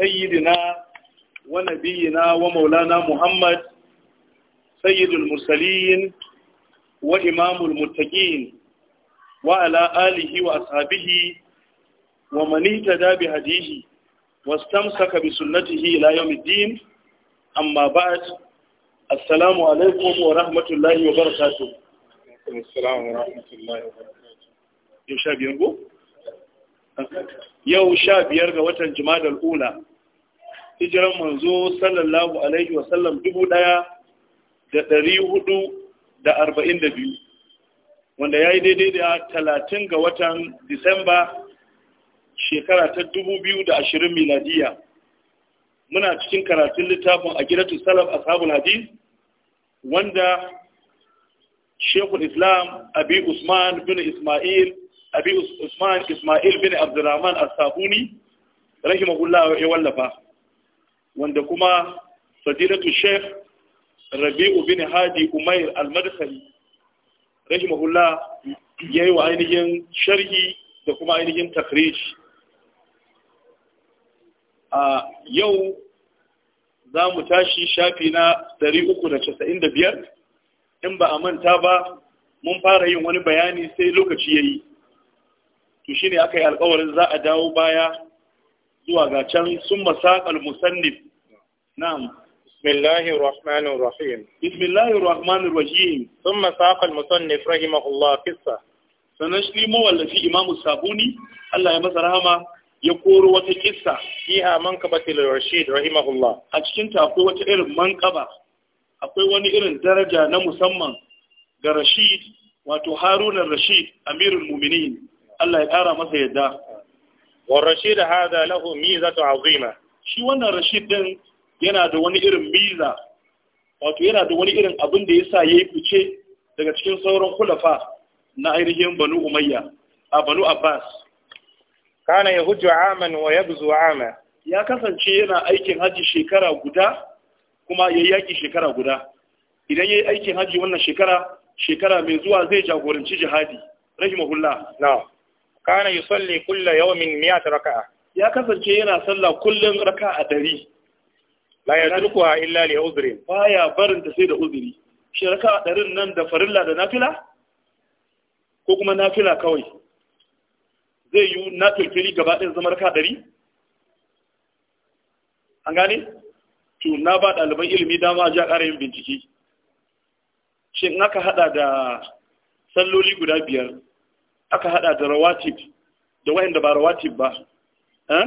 سيدنا ونبينا ومولانا محمد سيد المرسلين وإمام المتقين وعلى آله وأصحابه ومن اهتدى بهديه واستمسك بسنته إلى يوم الدين أما بعد السلام عليكم ورحمة الله وبركاته السلام ورحمة الله وبركاته يا شاب ينبو yau sha biyar ga watan jimadar ula hijiran manzo sallallahu alaihi wasallam dubu ɗaya da ɗari hudu da arba'in da biyu wanda ya yi daidai da talatin ga watan disamba shekara ta dubu biyu da ashirin miladiya muna cikin karatun littafin a gidatu salaf ashabul hadis wanda shekul islam abi usman bin ismail abi usman ismail bin abdurrahman as-sabuni rahimahullah ya wallafa wanda kuma fadilatu sheikh rabi'u bin hadi umair al-madkhali rahimahullah yayi wa ainihin sharhi da kuma ainihin takrij a yau za mu tashi shafi na 395 in ba a manta ba mun fara yin wani bayani sai lokaci yayi to shine aka yi alƙawarin za a dawo baya zuwa ga can sun masakal musannif na'am bismillahir rahmanir rahim bismillahir rahmanir rahim sun masakal musannif rahimahullah qissa sanan shi mawallafi imamu sabuni Allah ya masa rahama ya koro wata kissa fiha manqabatil rashid rahimahullah a cikin ta akwai wata irin manqaba akwai wani irin daraja na musamman ga rashid wato harunan rashid amirul muminin Allah ya kara masa yadda wa rashid hada lahu mizatu azima shi wannan rashid din yana da wani irin miza wato yana da wani irin abin da yasa yayi fice daga cikin sauran kulafa na ainihin banu umayya a banu abbas kana yahujju aman wa yabzu ama ya kasance yana aikin haji shekara guda kuma yayi yaki shekara guda idan yayi aikin haji wannan shekara shekara mai zuwa zai jagoranci jihadi rahimahullah na'am kana kulle kulla yawmin ta raka'a ya kasance yana sallah kullun raka'a dari la yadrukuha illa uzuri ba baya barin ta sai da uzuri shi raka'a ɗarin nan da farilla da nafila ko kuma nafila kawai zai yi na gaba ɗin zama raka'a dari an gane to na ba ɗaliban ilimi dama ja ƙara yin bincike shin aka haɗa da salloli guda biyar aka hada da rawatib da da ba rawatib ba eh,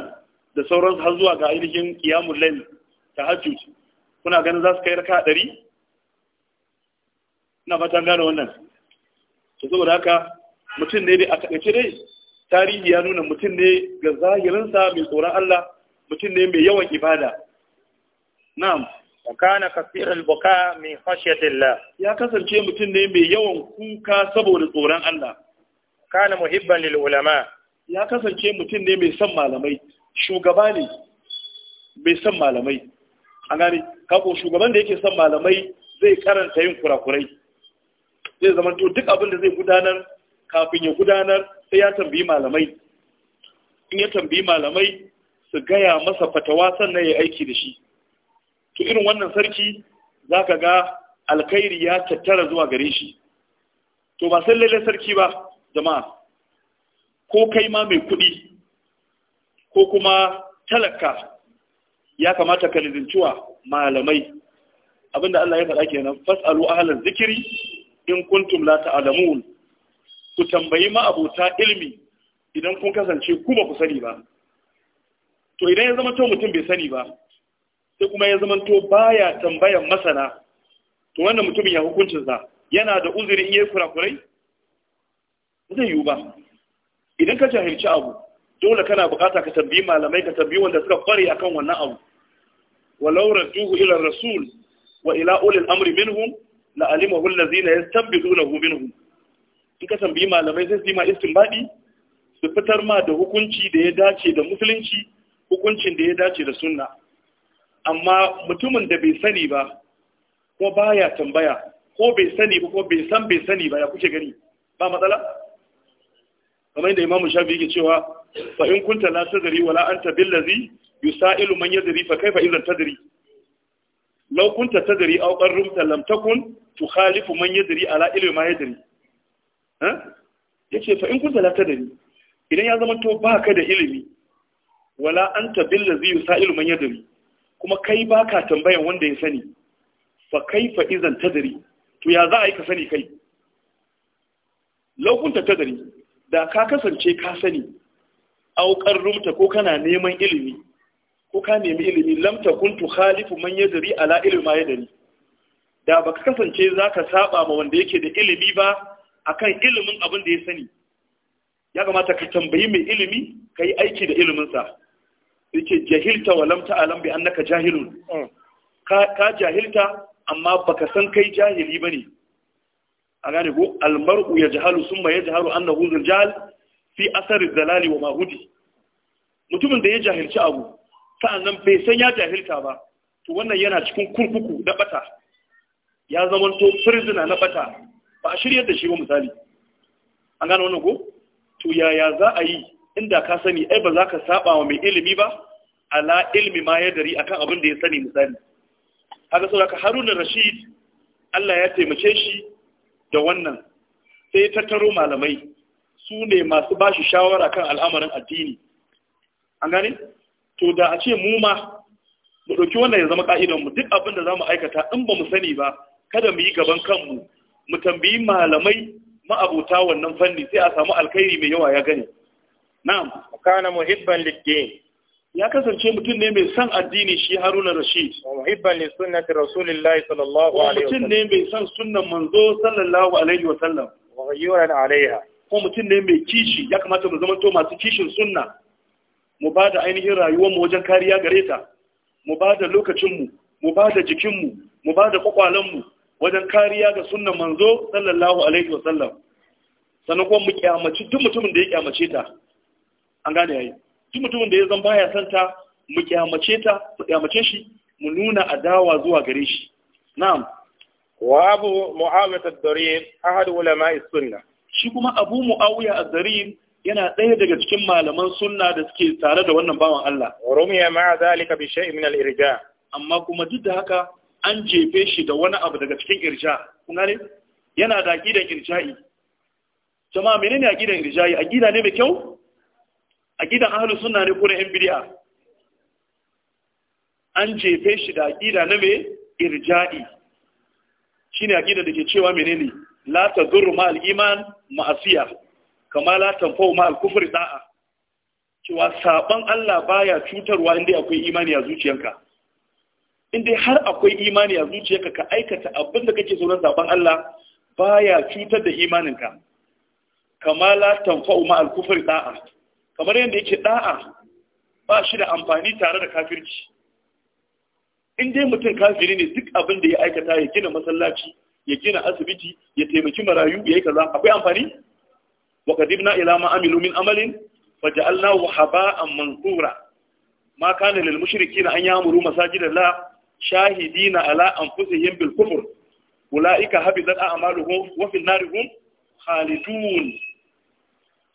da sauran har zuwa ga ainihin qiyamul layl tahajjud kuna ganin za su kai raka 100 ina fatan gane wannan to saboda haka mutum ne dai a takaice dai tarihi ya nuna mutum ne ga zahirinsa mai tsoron Allah mutum ne mai yawan ibada na'am وكان كثير buka min khashyati Allah Ya kasance mutum ne mai yawan kuka saboda tsoron Allah. kana muhibban lil ulama ya kasance mutum ne mai son malamai shugaba ne mai son malamai a gane kako shugaban da yake son malamai zai karanta yin kurakurai zai zama to duk abin da zai gudanar kafin ya gudanar sai ya tambayi malamai in ya tambayi malamai su gaya masa fatawa sannan ya aiki da shi to irin wannan sarki za ka ga alkhairi ya tattara zuwa gare shi to ba sai lallai sarki ba jama'a ko kai ma mai kuɗi ko kuma talaka ya kamata ka lizincewa malamai abinda Allah ya faɗa kenan fasalu ahlan zikiri in kuntum la ta'lamun ku tambayi ma'abota ilmi idan kun kasance ku ba ku sani ba to idan ya zama to mutum bai sani ba sai kuma ya zama to baya tambayan masana to wannan mutumin ya hukuncin sa yana da uzuri in yayi kurakurai zai yiwu ba idan ka jahilci abu dole kana bukata ka tambayi malamai ka tambayi wanda suka kware akan wannan abu walau tuhu ila rasul wa ila ulil amri minhum la alimahu allazina yastanbidunahu minhum in ka tambayi malamai sai su yi ma istinbadi su fitar ma da hukunci da ya dace da musulunci hukuncin da ya dace da sunna amma mutumin da bai sani ba ko baya tambaya ko bai sani ba ko bai san bai sani ba ya kuke gani ba matsala kamar yadda imamu shafi yake cewa fa in kunta la tadri wala anta billazi yusailu man yadri fa kaifa idan tadri law kunta tadri aw qarrumta lam takun tukhalifu man yadri ala ilmi ma yadri ha eh? yace fa in kunta la tadri idan ya zama to baka da ilimi wala anta billazi yusailu man yadri kuma kai baka tambayan wanda ya sani fa kaifa idan tadri to ya za a yi ka sani kai law kunta tadri da ka kasance ka sani aukar rumta ko kana neman ilimi ko ka nemi ilimi lamta kuntu khalifu man yadri ala ilma yadri da ba ka kasance za ka saba ma wanda yake da ilimi ba akan ilimin abin da ya sani ya kamata ka tambayi mai ilimi ka yi aiki da iliminsa yake jahilta wa lamta alam bi annaka jahilun mm. ka jahilta amma baka san kai jahili bane a gane ko almar'u ya jahalu sun ma ya jahalu an na fi asarin dalali wa mahudi mutumin da ya jahilci abu nan bai san ya jahilta ba to wannan yana cikin kurkuku na bata ya to firzina na bata ba a shirya da shi ba misali an gane wannan ko to yaya za a yi inda ka sani ai ba za ka saba wa mai ilimi ba ala ilmi ma ya dari akan abin da ya sani misali haka sau ka haruna rashid allah ya taimake shi da wannan sai tattaro malamai su ne masu ba shi shawara kan al'amarin addini an gane to da a ce mu ma mu ɗauki wannan ya zama ƙa'idanmu duk abin da za mu aikata in ba mu sani ba kada mu yi gaban kanmu mu tambayi malamai ma'abota wannan fanni sai a samu alkhairi mai yawa ya gane na'am kana muhibban liddin ya kasance mutum ne mai son addini shi Haruna Rashid muhibban li sunnati Rasulillah sallallahu alaihi wasallam mutum ne mai son sunnan manzo sallallahu alaihi wasallam wa ghayyuran alaiha ko mutum ne mai kishi ya kamata mu zama to masu kishin sunna mu ba da ainihin rayuwar mu wajen kariya gare ta mu ba da lokacin mu mu ba da jikin mu mu ba da kwakwalen mu wajen kariya ga sunnan manzo sallallahu alaihi wasallam sannan kuma mu kiyamaci duk mutumin da ya kiyamace ta an gane yayi shi mutumin da ya zan baya son ta mu kyamace ta mu kyamace shi mu nuna adawa zuwa gare shi na'am wa abu muawiyah ad-darir ahad ulama sunna shi kuma abu muawiya ad-darir yana ɗaya daga cikin malaman sunna da suke tare da wannan bawan Allah rumiya ma zalika bi shay'in min al-irja amma kuma duk da haka an jefe shi da wani abu daga cikin irja kun gane yana da aqidan irja'i jama'a menene aqidan irja'i aqida ne mai kyau aqidan ahlus sunna ne ko na yan bid'a an jefe shi da aƙida na me irja'i shine aƙida da ke cewa menene la tadurru ma al'iman iman ma'asiya kama la tanfa'u ma al-kufri da'a cewa saban Allah baya cutarwa inda akwai imani a zuciyanka inda har akwai imani a zuciyanka ka aikata abin da kake sauran saban Allah baya cutar da imaninka kama la tanfa'u ma al-kufri da'a kamar yadda yake ɗa'a, ba shi da amfani tare da kafirci in dai mutum kafiri ne duk abin da ya aikata ya gina masallaci ya gina asibiti ya taimaki marayu ya yi kaza akwai amfani wa qadimna ila ma amilu min amalin faj'alnahu haba'an mansura ma kana lil mushrikeena an ya'muru masajidallah shahidina ala anfusihim bil kufr ulaika habidat a'maluhum wa fil narihum khalidun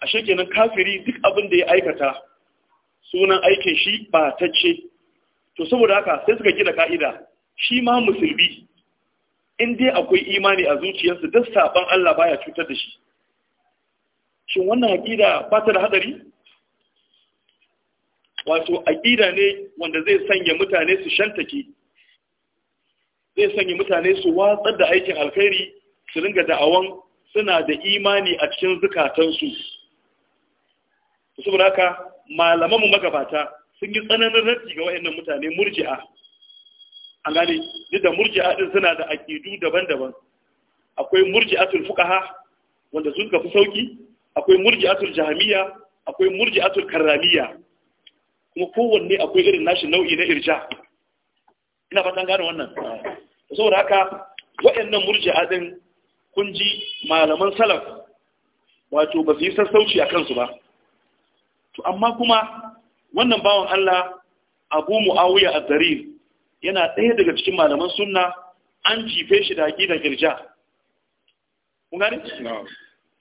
ashe kenan kafiri duk abin da ya aikata sunan aikin shi ba ta ce to saboda haka sai suka gina ka'ida shi ma musulmi in dai akwai imani a zuciyarsa duk saban Allah baya cutar da shi shin wannan aqida ba ta da hadari wato aqida ne wanda zai sanya mutane su shantake zai sanya mutane su watsar da aikin alkhairi su ringa da'awan suna da imani a cikin zukatansu to saboda haka malaman mu magabata sun yi tsananin raddi ga wayannan mutane murji'a an gane duk da murji'a din suna da aqidu daban-daban akwai murji'atul fuqaha wanda sun fi sauki akwai murji'atul jahmiya akwai murji'atul karramiya kuma kowanne akwai irin nashi nau'i na irja ina fatan gane wannan saboda haka wayannan murji'a din kun ji malaman salaf wato ba su yi sassauci a kansu ba to amma kuma wannan bawan Allah Abu Muawiya az yana ɗaya daga cikin malaman sunna an cife shi da aqidar irja kun gane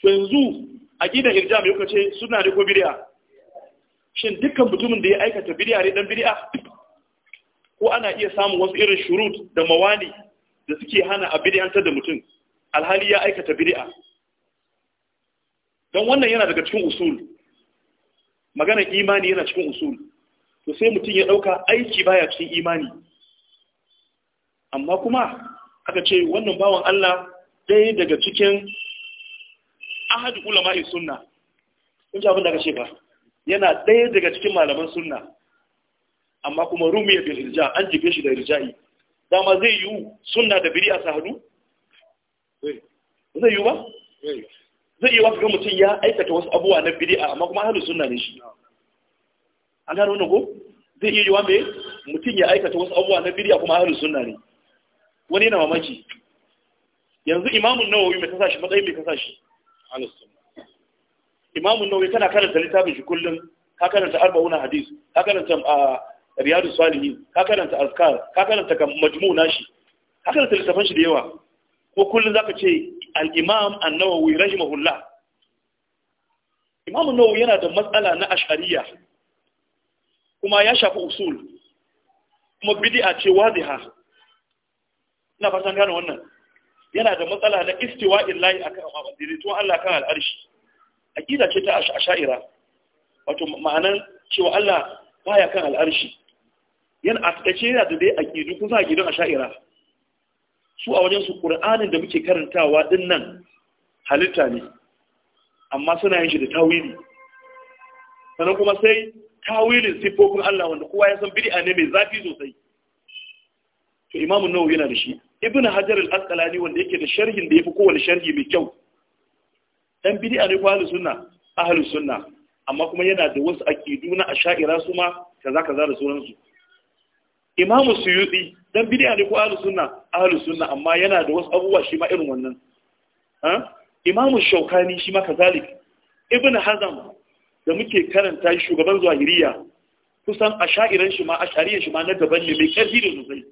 to yanzu aqidar irja mai kuka suna sunna ne ko bid'a shin dukkan mutumin da ya aikata bid'a ne dan bid'a ko ana iya samun wasu irin shurut da mawani da suke hana a bid'antar da mutum alhali ya aikata bid'a don wannan yana daga cikin usul magana imani yana cikin usul to sai mutum ya ɗauka aiki baya cikin imani amma kuma aka ce wannan bawan Allah ɗaya daga cikin ahadu ulama'i sunna kun ji abin da aka ce ba yana ɗaya daga cikin malaman sunna amma kuma ya bil irja an jibe shi da irja'i dama zai yi sunna da biri a sahadu zai yi ba zai iya wasu ga mutum ya aikata wasu abubuwa na a amma kuma ahlus sunna ne shi an gano wannan ko zai iya yiwa me mutum ya aikata wasu abubuwa na a kuma ahlus sunna ne wani yana mamaki yanzu imamun nawawi mai kasa shi matsayin mai kasa shi ahlus sunna imamun nawawi kana karanta littafin shi kullum ka karanta arba'una hadis ka karanta ah, riyadu salihin ka karanta azkar ka karanta majmu nashi ka karanta littafin shi da yawa ko kullum za ka ce al-imam an-nawawi rahimahullah imam an-nawawi yana da matsala na ash'ariyya kuma ya shafi usul kuma bidi'a ce ha. ina fatan gano wannan yana da matsala na istiwa'in layi akan daidaituwan Allah kan al'arshi aqida ce ta ash'ariyya wato ma'anan cewa Allah baya kan al'arshi yana a tsakace yana da dai a ƙidu kun san aqidun ash'ariyya su a wajen su ƙur'anin da muke karantawa din nan halitta ne amma suna yin shi da tawili sannan kuma sai tawilin siffofin Allah wanda kowa ya san bid'a ne mai zafi sosai to imamun nawawi yana da shi ibnu hajar al-asqalani wanda yake da sharhin da yafi kowane sharhi mai kyau dan bid'a ne ko ahlus sunna ahlus sunna amma kuma yana da wasu aqidu na asha'ira su ma kaza kaza da sauransu imamu suyuti don bid'a ne ko ahlus sunna ahlus sunna amma yana da wasu abubuwa shi ma irin wannan imamu shaukani shi ma kazalik ibn hazam da muke karanta shugaban zahiriya kusan sha'irar shi ma shari'ar shi ma na gaban ne mai karfi da sosai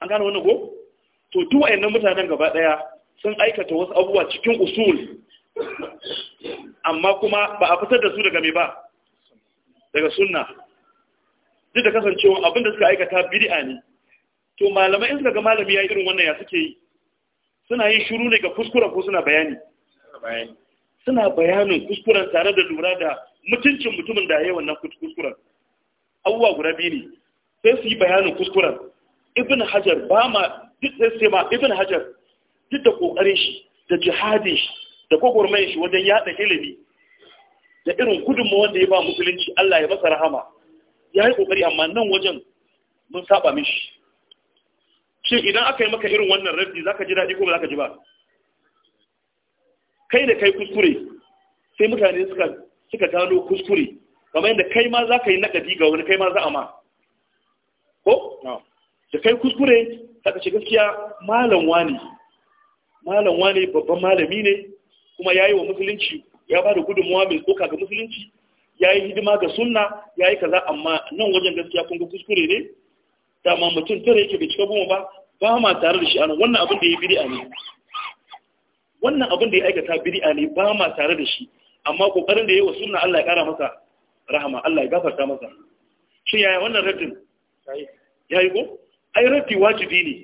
an gane wannan ko to duk wayannan mutanen gaba daya sun aikata wasu abubuwa cikin usul amma kuma ba a fitar da su daga mai ba daga sunna duk da kasancewa abin da suka aikata bid'a ne to malamai in suka ga malami ya yi irin wannan ya suke yi suna yin shiru ne ga kuskure ko suna bayani suna bayanin kuskuren tare da lura da mutuncin mutumin da ya yi wannan kuskuren abubuwa guda biyu ne sai su yi bayanin kuskuren ibn hajar ba ma duk sai sai ma ibn hajar duk da kokarin shi da jihadin shi da gwagwarmayar shi wajen yada ilimi da irin gudunmawar da ya ba musulunci Allah ya masa rahama ya yi ƙoƙari amma nan wajen mun saba mishi shin idan aka yi maka irin wannan raddi za ka ji daɗi ko ba za ka ji ba kai da kai kuskure sai mutane suka gano kuskure kamar yadda kai ma za ka yi nagadi ga wani kai ma za a ma ko da kai kuskure ka ce gaskiya malam wani malam wani babban malami ne kuma ya yi wa musulunci ya ba da gudunmuwa mai tsoka ga musulunci ya yi hidima ga sunna ya yi kaza amma nan wajen gaskiya kun ga kuskure ne dama mutum tare yake bai cika goma ba ba ma tare da shi wannan abin da ya yi bid'a ne wannan abin da ya aikata bid'a ne ba ma tare da shi amma kokarin da ya yi wa sunna Allah ya kara masa rahama Allah ya gafarta masa shin yaya wannan raddin yayi ko ai raddi wajibi ne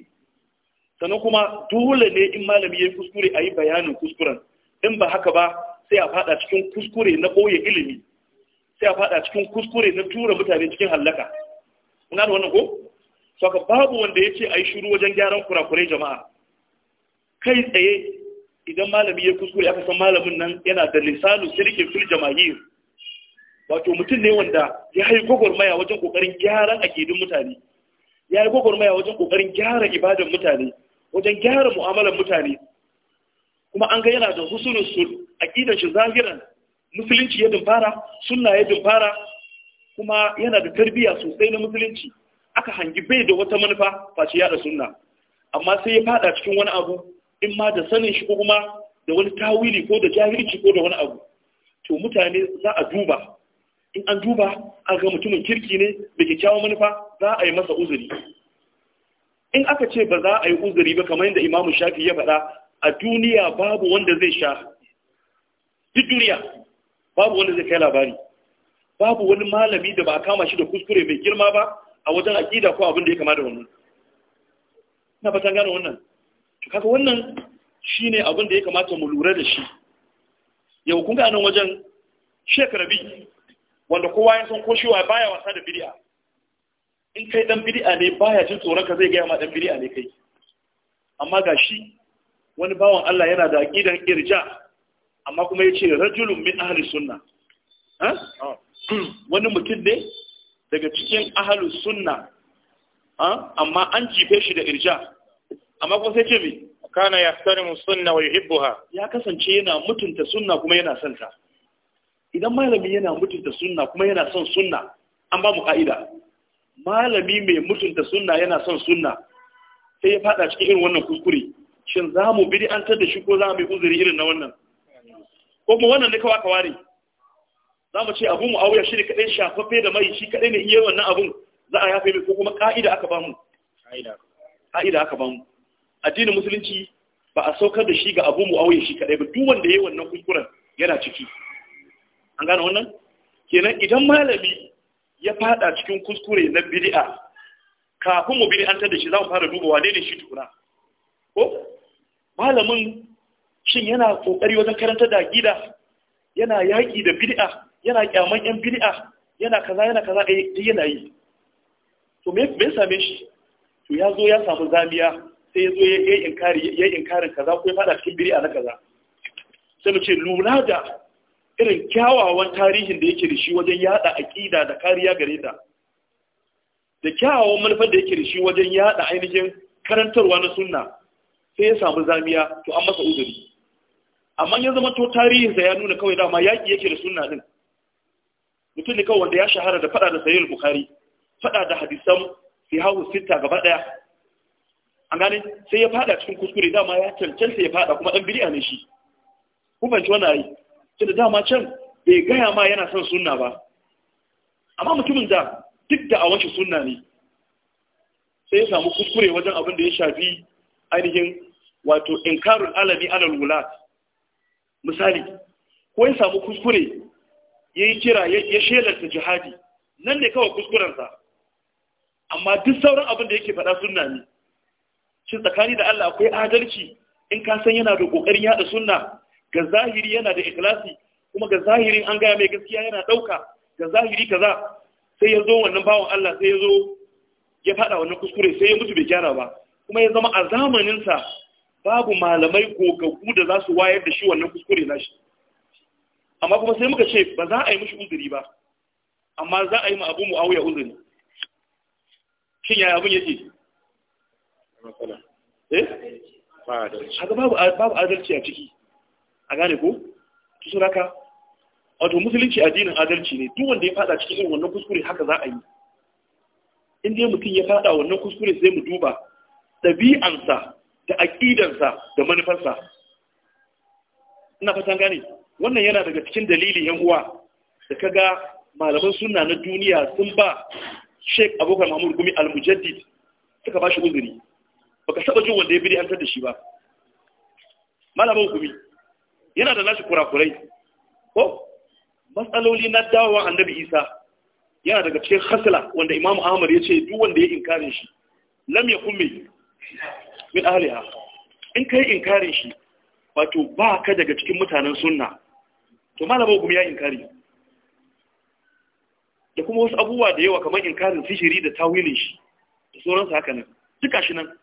sannan kuma dole ne in malami ya yi kuskure a yi bayanin kuskuren in ba haka ba sai a fada cikin kuskure na ɓoye ilimi sai a fada cikin kuskure na tura mutane cikin hallaka kuna da wannan ko ka babu wanda ya ce a yi shiru wajen gyaran kurakurai jama'a kai tsaye idan malami ya kuskure aka san malamin nan yana da lisanu sirkin fil jama'ir wato mutum ne wanda ya yi gwagwarmaya wajen kokarin gyaran akidun mutane ya yi gwagwarmaya wajen kokarin gyara ibadan mutane wajen gyara mu'amalar mutane kuma an ga yana da husunin sul aqidan shi zahiran musulunci ya dumfara suna ya dumfara kuma yana da tarbiyya sosai na musulunci aka hangi bai da wata manufa face yada suna. amma sai ya fada cikin wani abu in ma da sanin shi ko kuma da wani tawili ko da jahilci ko da wani abu to mutane za a duba in an duba a ga mutumin kirki ne da kyakkyawan manufa za a yi masa uzuri in aka ce ba za a yi uzuri ba kamar yadda imamu shafi ya faɗa a duniya babu wanda zai sha duk duniya babu wanda zai kai labari babu wani malami da ba a kama shi da kuskure mai girma ba a wajen aƙida ko abin da ya kama da wannan na fatan gano wannan Kaka wannan shi ne abin da ya kamata mu lura da shi yau kun gano nan wajen Sheikh wanda kowa ya san ko shi baya wasa da bid'a in kai dan bid'a ne baya jin tsoron ka zai gaya ma dan bid'a ne kai amma ga shi wani bawan Allah yana da aqidan irja amma kuma ya ce rajulun min ahalus sunna wani mutum ne daga cikin ahalus sunna amma an jife shi da irja amma kuma sai ce bi kana yahtarimu sunna wa yuhibbuha ya kasance yana mutunta sunna kuma yana son ta idan malami yana mutunta sunna kuma yana son sunna an ba mu ka'ida malami mai mutunta sunna yana son sunna sai ya fada cikin irin wannan kuskure shin za mu bid'antar da shi ko za mu yi uzuri irin na wannan ko kuma wannan ne kawa ka ware za mu ce abu mu auya shi ne kaɗai shafaffe da mai shi kaɗai ne iya wannan abun za a yafe mai ko kuma ƙa'ida aka bamu ƙa'ida aka bamu addinin musulunci ba a saukar da shi ga abu mu auya shi kaɗai ba duk wanda ya yi wannan kuskuren yana ciki an gane wannan kenan idan malami ya fada cikin kuskure na bid'a kafin mu bid'antar da shi za mu fara duba wane ne shi tukuna ko malamin shin yana kokari wajen karanta da gida, yana yaki da bid'a yana kyaman yan bid'a yana kaza yana kaza eh yana yi to me me same shi to ya zo ya samu zamiya sai ya zo ya yi inkari ya yi inkarin kaza ko ya fada cikin bid'a na kaza sai mu ce lura da irin kyawawan tarihin da yake da shi wajen yada aqida da kariya gare ta da kyawawan manufar da yake da shi wajen yada ainihin karantarwa na sunna sai ya samu zamiya to an masa uzuri amma ya zama to sa ya nuna kawai dama yaki yake da sunna din mutum ne kawai wanda ya shahara da faɗa da sayyid bukhari faɗa da hadisan sihahu sita gaba daya an gane sai ya fada cikin kuskure dama ya cancanta ya fada kuma ɗan bid'a ne shi ku fahimci wannan ayi sai da dama can bai gaya ma yana son sunna ba amma mutumin da duk da a wace sunna ne sai ya samu kuskure wajen abin da ya shafi ainihin wato inkarul alami alal wulat misali ko ya samu kuskure ya yi kira ya shelarta jihadi nan ne kawai kuskurarsa. amma duk sauran abin da yake faɗa sunna ne shi tsakani da Allah akwai adalci in ka san yana da kokarin yaɗa sunna ga zahiri yana da ikhlasi kuma ga zahirin an gaya mai gaskiya yana ɗauka ga zahiri kaza sai ya zo wannan bawan Allah sai ya zo ya faɗa wannan kuskure sai ya mutu bai gyara ba kuma ya zama a zamaninsa babu malamai gogaggu da za su wayar da shi wannan kuskure na shi amma kuma sai muka ce ba za a yi mishi uzuri ba amma za a yi ma abu mu'awiya uzuri shi yaya abin yake eh haka babu adalci a ciki a gane ko tusur haka wato musulunci addinin adalci ne duk wanda ya fada cikin irin wannan kuskure haka za a yi in dai mutum ya fada wannan kuskure sai mu duba ɗabi'ansa da aƙidansa da manufarsa ina fatan gane wannan yana daga cikin dalili yan uwa da kaga malaman sunna na duniya sun ba Sheikh Abubakar Mahmud Gumi Al-Mujaddid suka ba shi uzuri baka saba jin wanda ya bidi hantar da shi ba malamin Gumi yana da nashi kurakurai ko matsaloli na dawowa Annabi Isa yana daga cikin hasala wanda Imam Ahmad ya ce duk wanda ya inkarin shi lam yakun mai min ahliha in kai inkarin shi wato ba ka daga cikin mutanen sunna to malama gumi ya inkari da kuma wasu abubuwa da yawa kamar inkarin sihiri da tawilin shi da sauransa haka nan duka shi nan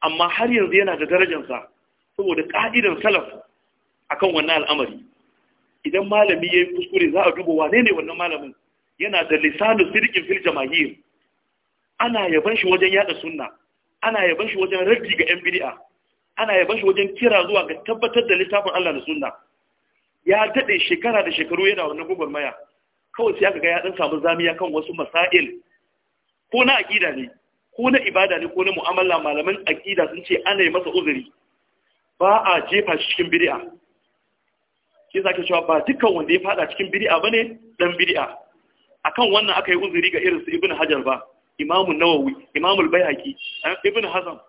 amma har yanzu yana da darajarsa saboda ka'idan salaf akan wannan al'amari idan malami ya yi kuskure za a duba wane ne wannan malamin yana da lisanu sirkin fil jama'ir ana yaban shi wajen yada sunna ana yaban shi wajen raddi ga 'yan bid'a ana yaban shi wajen kira zuwa ga tabbatar da littafin Allah da sunna ya daɗe shekara da shekaru yana wannan maya kawai sai aka ga ya dan samu zamiya kan wasu masail ko na aƙida ne ko na ibada ne ko na mu'amala malaman akida sun ce ana yi masa uzuri ba a jefa shi cikin bid'a shi zaka cewa ba dukkan wanda ya fada cikin bid'a bane dan bid'a akan wannan aka yi uzuri ga irin su Ibnu hajar ba imamu nawawi imamul bayhaqi Eh, ibn hazan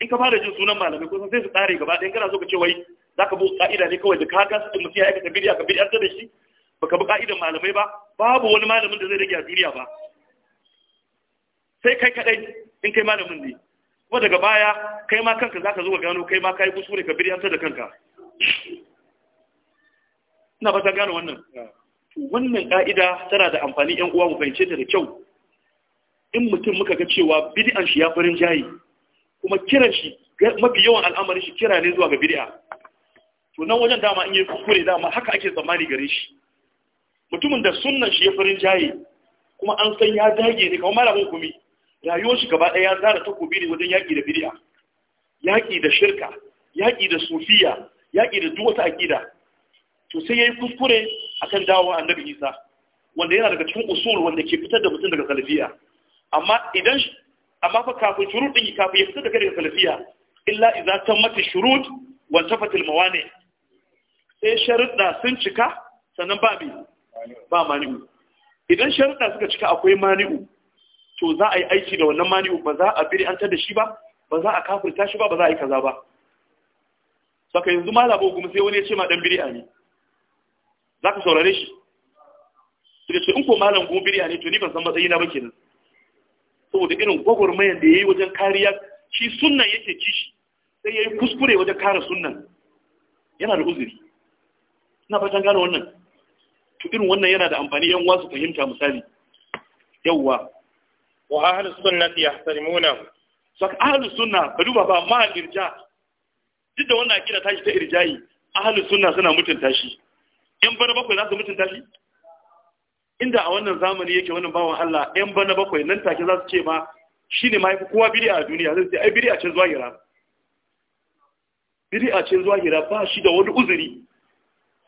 in ka fara jin sunan malamai ko sai su tsare gaba ɗaya kana so ka ce wai za ka bi ka'ida ne kawai da ka ga su mutum ya aikata bidiya ka bid'ar da shi baka bi ka'idan malamai ba babu wani malamin da zai rage a duniya ba sai kai kaɗai in kai malamin ne kuma daga baya kai ma kanka za ka zo ka gano kai ma ka yi kuskure ka bid'ar da kanka ina ba ta gano wannan wannan ka'ida tana da amfani yan uwa mu fahimce ta da kyau in mutum muka ga cewa bid'an shi ya farin jayi kuma kiran shi mafi yawan al'amarin shi kira ne zuwa ga bid'a to nan wajen dama in yi kukure, dama haka ake zamani gare shi mutumin da sunnan shi ya farin jayi kuma an san ya dage ne kamar malamin kumi rayuwar shi gaba ɗaya ya zara takobi ne wajen yaƙi da bid'a yaƙi da shirka yaƙi da sufiya yaƙi da duk wata aƙida to sai yayi kuskure akan dawo annabi Isa wanda yana daga cikin usul wanda ke fitar da mutum daga salafiya amma idan amma fa kafin shurut din kafin ya fita daga daga salafiya illa idza tammat shurut wa tafat al mawani sai sharuda sun cika sannan ba bi ba mani'u idan sharuda suka cika akwai mani'u to za a yi aiki da wannan mani'u ba za a an da shi ba ba za a kafirta shi ba ba za a yi kaza ba saka yanzu malabo kuma sai wani ya ce ma dan bir'a ne zaka saurare shi sai ce in ko malam gumi bir'a ne to ni ban san matsayina ba kenan saboda irin gwagwarmayar da ya yi wajen kariya shi sunan yake kishi sai ya yi kuskure wajen kare sunan. yana da uzuri ina fatan gane wannan to irin wannan yana da amfani yan wasu fahimta misali yawwa wa ahli sunnati yahtarimuna so ahli sunna ba duba ba ma irja duk da wannan akida tashi ta irjayi ahli sunna suna mutunta shi yan bar bakwai za su mutunta shi inda a wannan zamani yake wannan bawan Allah ɗan bana bakwai nan take za su ce ma shi ne mahaifi kowa biri a duniya zai ce ai a ce zuwa hira a ce zuwa hira ba shi da wani uzuri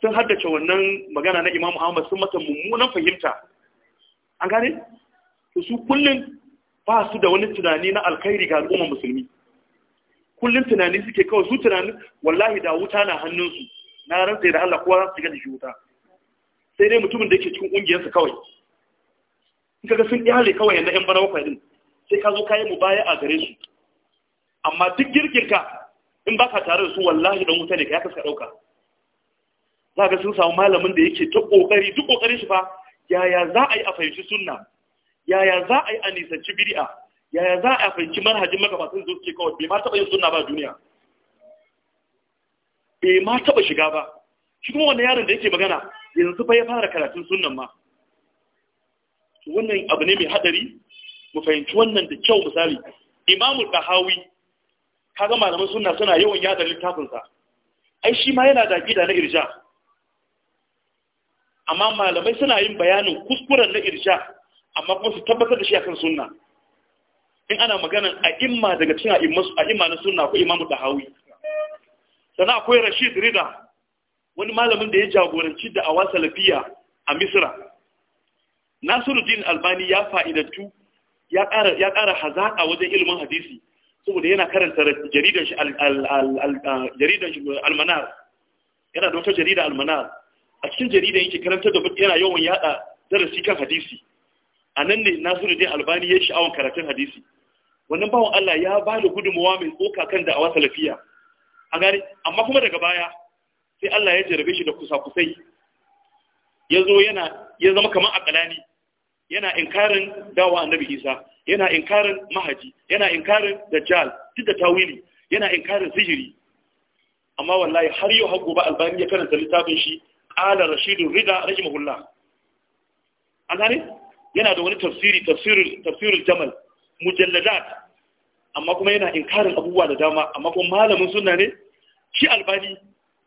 sun haddace wannan magana na imamu ahmad sun mata mummunan fahimta an gane su kullum ba su da wani tunani na alkhairi ga al'ummar musulmi kullum tunani suke kawai su tunani wallahi da wuta na hannunsu na rantsa da Allah kowa za su shiga da shi wuta sai dai mutumin da yake cikin ƙungiyarsa kawai in kaga sun ɗale kawai na 'yan bana bakwai din sai ka zo ka yi mubaya a gare su amma duk ka in baka tare da su wallahi dan wuta ne ka ya kaska ɗauka za ka sun samu malamin da yake ta ƙoƙari duk kokarin shi fa yaya za a yi a fahimci sunna yaya za a yi a nisanci bid'a yaya za a fahimci manhajin magabatan zuwa ke kawai bai ma taɓa yin sunna ba duniya bai ma taɓa shiga ba shi kuma wannan yaron da yake magana yanzu fa ya fara karatun sunan ma wannan abu ne mai hadari mu fahimci wannan da kyau misali imamu dahawi kaga malaman sunna suna yawan yada littafin sa ai shi ma yana da gida na irja amma malamai suna yin bayanin kuskuren na irja amma kuma su tabbatar da shi akan sunna in ana magana a imma daga cikin a imma na sunna ko imamu dahawi sannan akwai rashid rida wani malamin da ya jagoranci da awa salafiya a misira nasiruddin albani ya fa'idattu ya ƙara hazaƙa wajen ilimin hadisi saboda yana karanta jaridan shi almanar yana da wata jarida almanar a cikin jaridan yake karanta da yana yawan yada darasi kan hadisi a nan ne nasiruddin albani ya sha'awan karatun hadisi wannan bawan allah ya ba da gudunmawa mai tsoka kan da awa salafiya a gani amma kuma daga baya sai Allah ya jarabe shi da kusa-kusai ya zo yana ya zama kamar akalani yana inkarin dawa annabi Isa yana inkarin mahaji yana inkarin dajjal duk da tawili yana inkarin sihiri amma wallahi har yau har ba albani ya karanta littafin shi qala rashidun rida rahimahullah an gane yana da wani tafsiri tafsirul tafsirul jamal mujalladat amma kuma yana inkarin abubuwa da dama amma kuma malamin sunna ne shi albani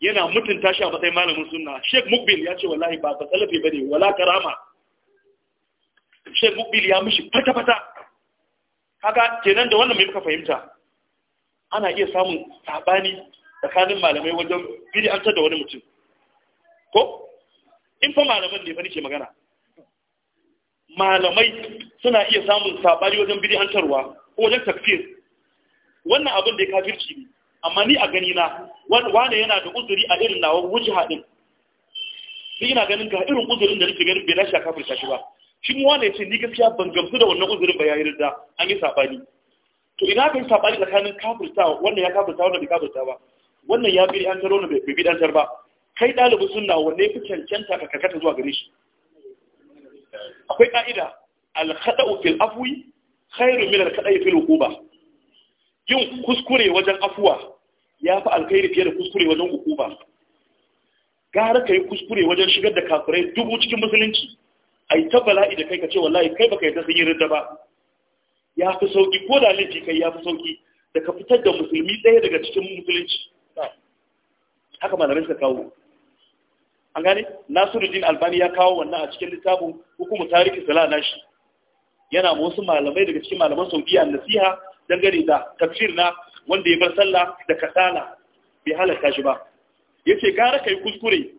yana mutunta shi a matsayin malamin sunna sheikh mukbil ya ce wallahi ba salafi bane wala karama sheikh mukbil ya mishi fata fata kaga kenan da wannan mai muka fahimta ana iya samun sabani tsakanin malamai wajen biri an da wani mutum ko in fa malaman ne fa ke magana malamai suna iya samun sabani wajen biri tarwa ko wajen takfir wannan abin da ya kafirci ne amma ni a gani na wane yana da uzuri a irin nawa wuce haɗin ni ina ganin ga irin uzurin da nake ganin bai lashe kafin shi ba shi mu wane ce ni gaskiya ban gamsu da wannan uzurin ba yayi rida an yi sabani to ina kai sabani tsakanin kafirta wannan ya kafirta wannan bai kafirta ba wannan ya bi an tarona bai bi dan ba kai dalibi sunna wanne ya fi cancanta ka karkata zuwa gare shi akwai ka'ida al-khata'u fil afwi khairu min al-khata'i fil uquba yin kuskure wajen afuwa ya fi alkhairi fiye da kuskure wajen hukuma gara ka yi kuskure wajen shigar da kafirai dubu cikin musulunci a yi ta bala'i da kai ka ce wallahi kai baka yi ta sanyi rinda ba ya fi sauki ko da laifi kai ya fi sauki da ka fitar da musulmi ɗaya daga cikin musulunci haka malamai suka kawo an gane nasiruddin albani ya kawo wannan a cikin littafin hukumu tarihi sala nashi yana wasu malamai daga cikin malaman a nasiha dangane da tafsir na wanda ya bar sallah da kasala bai halarta shi ba yace gara kai kuskure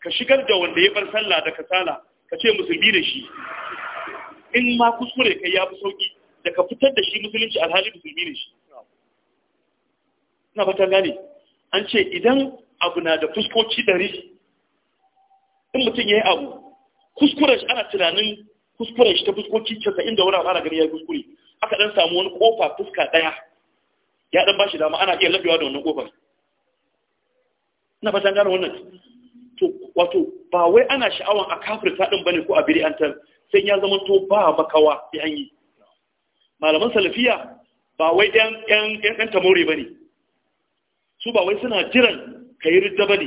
ka shigar da wanda ya bar sallah da kasala ka ce musulmi da shi in ma kuskure kai ya fi sauki da ka fitar da shi musulunci alhali musulmi ne shi na fatan gane an ce idan abu na da fuskoci dari, in mutum ya yi abu kuskure shi ana tunanin kuskure shi ta fuskoci casa'in da wani fara gari ya yi kuskure aka dan samu wani kofa fuska daya ya dan bashi dama ana iya labewa da wannan kofar ina fatan gano wannan to wato ba wai ana sha'awan a kafirta din bane ko a bid'antar sai ya zama to ba makawa sai an yi malaman salafiya ba wai ɗan ɗan dan tamore bane su ba wai suna jiran ka yi ridda bane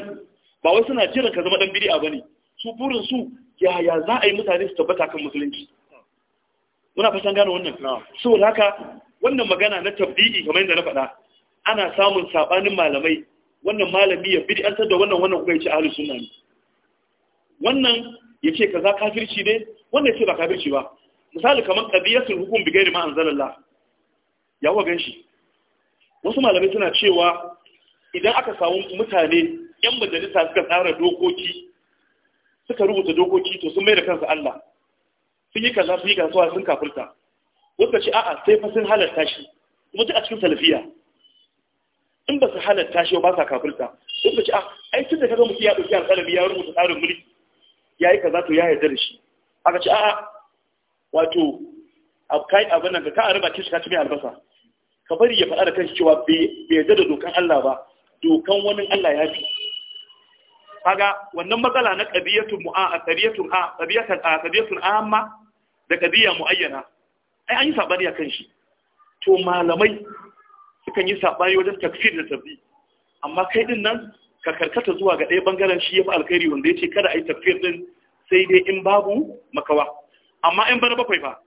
ba wai suna jiran ka zama dan bid'a bane su burin su yaya za a yi mutane su tabbata kan musulunci Muna fashin gane wannan so haka wannan magana na tabdi'i kamar yadda na faɗa ana samun sabanin malamai wannan malami ya bid'antar da wannan wannan kuma ya ce sunna ne wannan ya ce kaza kafirci ne wannan ya ce ba kafirci ba misali kamar qadiyatul hukum bi ghairi ma anzalallah ya wa ganshi wasu malamai suna cewa idan aka samu mutane yan majalisa suka tsara dokoki suka rubuta dokoki to sun mai da kansa Allah sun yi kaza sun yi kaza sun kafirta wata ce a'a sai fa sun halatta shi kuma duk a cikin salafiya in ba su halatta shi ba sa kafirta wasu ce a ai tun da kaga mutum ya dauki alƙalami ya rubuta tsarin mulki ya yi kaza to ya yarda da shi aka ce a'a wato kai abin nan ka arba kishi ka ci mai albasa ka bari ya faɗa da kanshi cewa bai yarda da dokan Allah ba dokan wani Allah ya fi kaga wannan matsala na qadiyatun mu'a qadiyatun a qadiyatan a qadiyatun amma da qadiya muayyana ai an yi sabani akan shi to malamai sukan yi sabani wajen tafsir da tabbi amma kai din nan ka karkata zuwa ga ɗaya bangaren shi yafi alkhairi wanda yace kada ai tafsir din sai dai in babu makawa amma in bana bakwai ba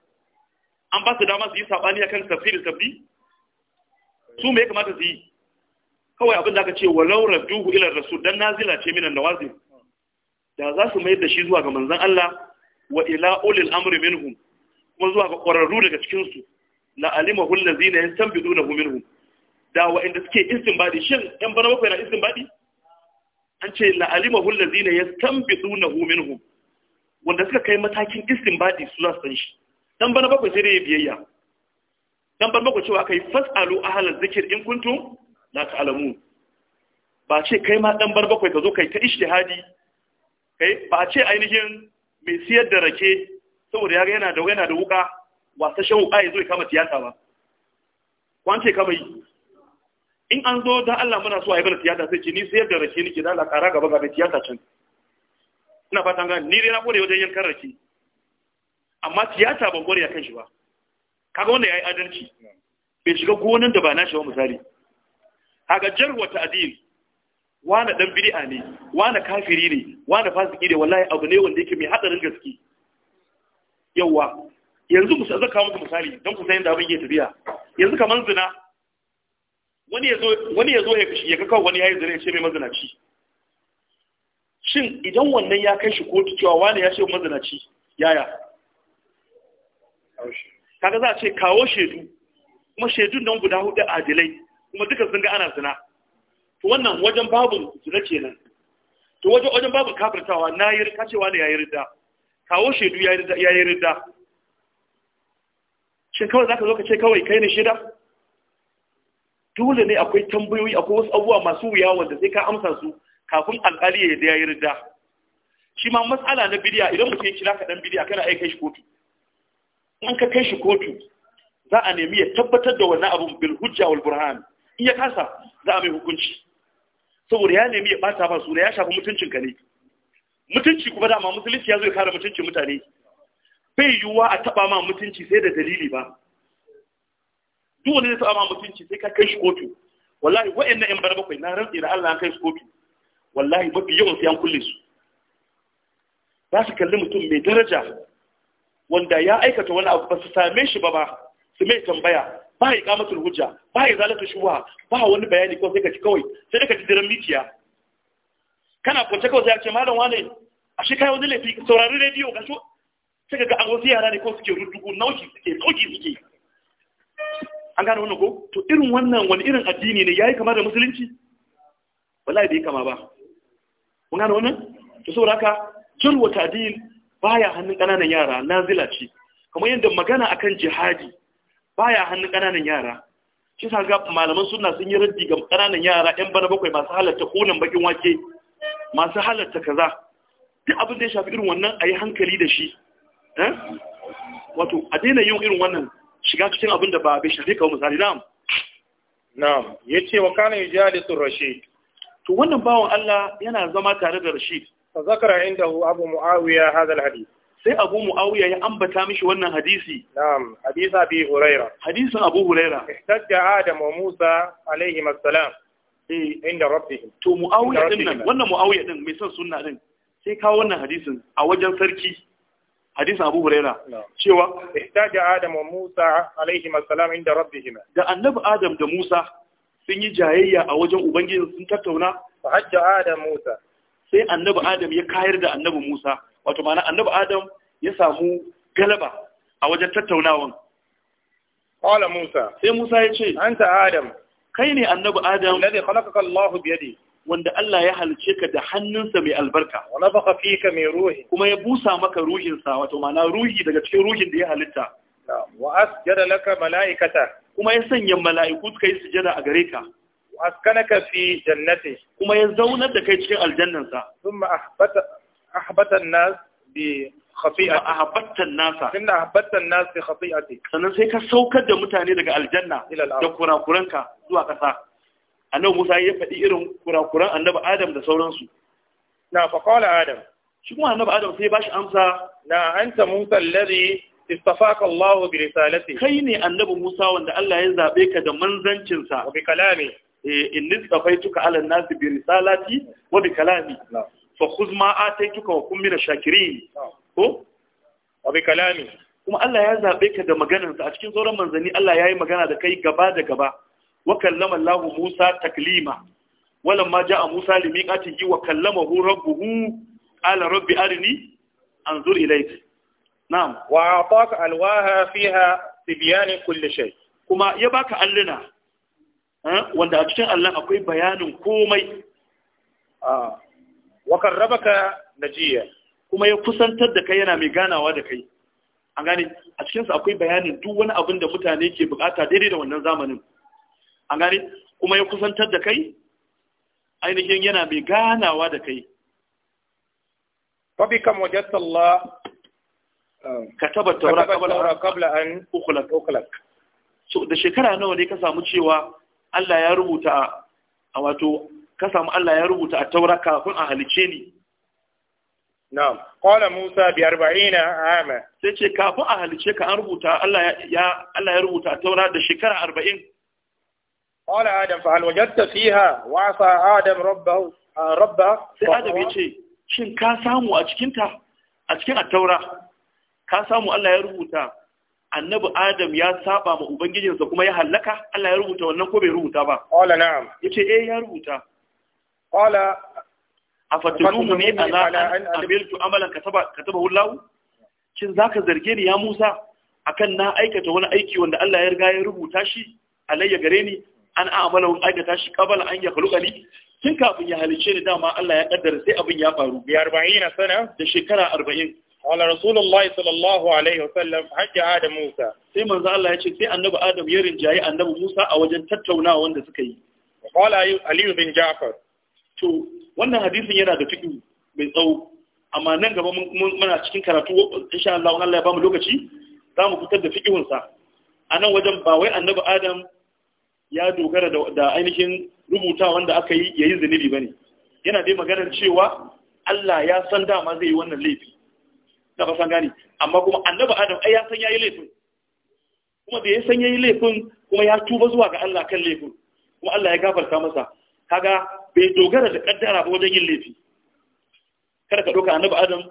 an ba su dama su yi sabani akan tafsir da tabbi su me ya kamata su yi kawai abin da aka ce walau duhu ila rasul dan nazila ce minan nawazi da za su mai da shi zuwa ga manzon Allah wa ila ulil amri minhum kuma zuwa ga ƙwararru daga cikin su la alimahu allazina yastanbidunahu minhum da inda suke istinbadi shin yan bana bakwai na istinbadi an ce la alimahu allazina yastanbidunahu minhum wanda suka kai matakin istinbadi su za su san shi dan bana bakwai sai dai biyayya dan bana bakwai cewa kai fasalu ahlal zikr in kuntum la alamu. ba ce kai ma dan bar bakwai ka zo kai ta ishtihadi kai ba ce ainihin mai siyar da rake saboda ya ga yana da yana da wuka shan wuka ya zo ya kama tiyata ba Kwan ce kama yi in an zo don Allah muna so a yi mana tiyata sai ce ni siyar da rake nake da Allah kara gaba ga mai tiyata can ina fatan gani ni dai na gode wajen yankan rake amma tiyata ban gode a kan shi ba kaga wanda ya yi adalci bai shiga gonan da ba na shi ba misali kaga jar wa ta'dil wane dan bid'a ne wane kafiri ne wane fasiki ne wallahi abu ne wanda yake mai hadarin gaske yawa yanzu ku zaka muku misali don ku san da abin yake tafiya yanzu kaman zina wani ya zo yazo ya kashi ya ga wani yayi zina ya ce mai mazinaci shin idan wannan ya kai shi kotu cewa wani ya ce mazinaci yaya kaga za a ce kawo shaidu kuma shaidun nan guda hudu adilai kuma duka sun ga ana zina to wannan wajen babu zina kenan to wajen wajen babu kafirtawa na yi kacewa cewa ne yayi ridda kawo shaidu yayi ridda shin kawai zaka zo ka ce kawai kai ne shida? dole ne akwai tambayoyi akwai wasu abubuwa masu wuya wanda sai ka amsa su kafin alƙali ya da yayi ridda shi ma matsala na bidiya idan mutum ya kira ka dan bidiya kana aika shi kotu in ka kai shi kotu za a nemi ya tabbatar da wannan abun bil hujja wal burhan in ya kasa za a mai hukunci saboda ya nemi ya bata ba sura ya shafi mutuncin ka ne mutunci kuma dama musulunci ya zo ya kare mutuncin mutane bai yiwuwa a taba ma mutunci sai da dalili ba duk wani zai taba ma mutunci sai ka kai shi kotu wallahi wa'annan yan bar bakwai na rantsi da Allah an kai su kotu wallahi mafi yawan siyan kulle su za su kalli mutum mai daraja wanda ya aikata wani abu ba su same shi ba ba su mai tambaya ba iqamatul hujja ba izalatul shubha ba wani bayani ko sai ka ci kawai sai ka ji diran miciya kana kwance kawai sai ka ce malam wane ashe kai wani laifi saurari rediyo ga shi sai ga an wasu yara ne ko suke rudugu nauki suke nauki suke an gane wannan ko to irin wannan wani irin addini ne yayi kama da musulunci wallahi bai kama ba Mun gane wannan to saboda haka jirwa tadil baya hannun kananan yara nazila ce kamar yadda magana akan jihadi baya hannun ƙananan yara shi sa ga malaman suna sun yi raddi ga ƙananan yara yan bana bakwai masu halatta konan bakin wake masu halatta kaza duk abin da ya shafi irin wannan a yi hankali da shi eh? wato a daina yin irin wannan shiga cikin abin da ba bai shafi kawo misali na'am na'am ya ce wa kana yi jihadisun rashid to wannan bawan Allah yana zama tare da rashid fa zakara indahu abu muawiya hadal hadith sai abu mu'awiya ya ambata mishi wannan hadisi na'am hadisi abi huraira hadisin abu huraira ihtajja adam wa musa alaihi assalam eh. inda rabbihim to mu'awiya din nan wannan mu'awiya din mai son sunna din sai kawo wannan hadisin a wajen sarki hadisin abu huraira cewa ihtajja adam wa musa alaihi assalam inda rabbihim da annabi adam da musa sun yi jayayya a wajen ubangiji sun tattauna fa hajja adam musa sai annabi adam ya kayar da annabi musa wato ma'ana annabi adam ya samu galaba a wajen tattaunawan qala musa sai musa ya ce anta adam kai ne annabi adam wanda Allah ya halice ka da hannunsa mai albarka baka fi ka mai ruhi kuma ya busa maka ruhinsa wato ma'ana ruhi daga cikin ruhin da ya halitta wa asjada laka malaikata kuma ya sanya mala'iku suka yi sujada a gare ka askanaka fi jannati kuma ya zaunar da kai cikin aljannansa thumma ahbata ahbata an-nas bi khafi'ati ahbatta an-nasa inna ahbatta an-nas bi khati'ati sannan sai ka saukar da mutane daga aljanna da kurakuranka zuwa kasa annabi Musa ya faɗi irin kurakuran annabi Adam da sauransu na fa qala Adam shi kuma annabi Adam sai bashi amsa na anta Musa alladhi istafaka Allah bi risalati kai ne annabi Musa wanda Allah ya zabe ka da manzancinsa? bi kalami Eh, in nisqafaituka ala nasi bi risalati wa bi kalami fa khudh ma ataituka wa kun shakirin ko wa bi kalami kuma Allah ya zabe ka da maganarsa a cikin sauran manzanni Allah ya yi magana da kai gaba da gaba wa kallama Allah Musa taklima ma ja'a Musa limiqatihi wa kallamahu rabbuhu ala rabbi arini anzur ilayka na'am wa ataka alwaha fiha tibyan kulli shay kuma ya baka alluna wanda a cikin Allah akwai bayanin komai ah. wa karrabaka najiya kuma ya kusantar da kai yana mai ganawa da kai an gane a cikin sa akwai bayanin duk wani abin da mutane ke bukata daidai da wannan zamanin an gane kuma ya kusantar da kai ainihin yana mai ganawa da kai fa bika wajadta Allah um, kataba tawra qabla an ukhlaq ukhlaq so da shekara nawa ne ka samu cewa Allah ya rubuta a wato ka samu Allah ya rubuta a taura kafin a halice ni na'am qala musa bi 40 ama sai ce kafin a halice ka an rubuta Allah ya Allah ya rubuta a taura da shekara 40 qala adam fa hal wajadta fiha wa asa adam rabbahu rabba sai adam ya ce shin ka samu a cikin ta a cikin at-taura ka samu Allah ya rubuta annabi adam ya saba ma ubangijinsa kuma ya hallaka Allah ya rubuta wannan ko bai rubuta ba qala na'am yace eh ya rubuta qala afatuluhu ni ala an amiltu amalan kataba katabahu Allah shin zaka zarge ni ya Musa akan na aikata wani aiki wanda Allah ya riga ya rubuta shi alayya gare ni an a'amala wani aikata shi kabala an ya kalukali tun kafin ya halice ni dama Allah ya kaddara sai abin ya faru bi 40 sana da shekara 40 wala rasulullahi sallallahu alaihi wasallam hajja adam musa sai manzo Allah ya ce sai annabi adam ya rinjayi annabi musa a wajen tattaunawa wanda suka yi qala ali bin ja'far to wannan hadisin yana da fiqh mai tsawo amma nan gaba muna cikin karatu insha Allah Allah ya bamu lokaci za mu fitar da fiqhun sa a nan wajen ba wai annabi adam ya dogara da ainihin rubuta wanda aka yi yayin zunubi bane yana dai maganar cewa Allah ya san dama zai yi wannan laifi na san gani. amma kuma annabi adam ai ya san yayi laifin kuma da ya san yayi laifin kuma ya tuba zuwa ga Allah kan laifin kuma Allah ya gafarta masa kaga bai dogara da kaddara ba wajen yin laifi kada ka doka annabi adam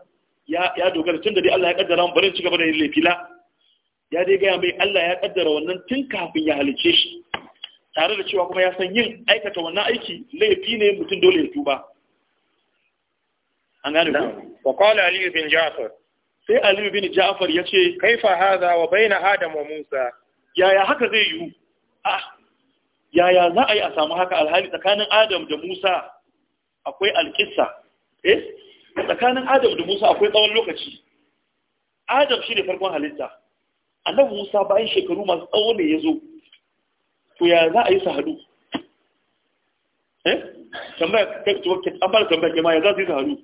ya ya dogara tun da dai Allah ya kaddara mun barin cigaba da yin laifi la ya dai gaya mai Allah ya kaddara wannan tun kafin ya halice shi tare da cewa kuma ya san yin aikata wannan aiki laifi ne mutum dole ya tuba an gane ku wa qala ali bin ja'far sai aliyu bin ja'far ya ce kaifa hadha wa baina adam wa musa yaya haka zai yiwu ah yaya za a yi a samu haka alhali tsakanin adam da musa akwai alkissa eh tsakanin adam da musa akwai tsawon lokaci adam shi ne farkon halitta annabi musa bayan shekaru masu tsawo ne ya zo to ya za a yi su haɗu eh tambaya kai to an fara tambaya kai ma ya za su yi su haɗu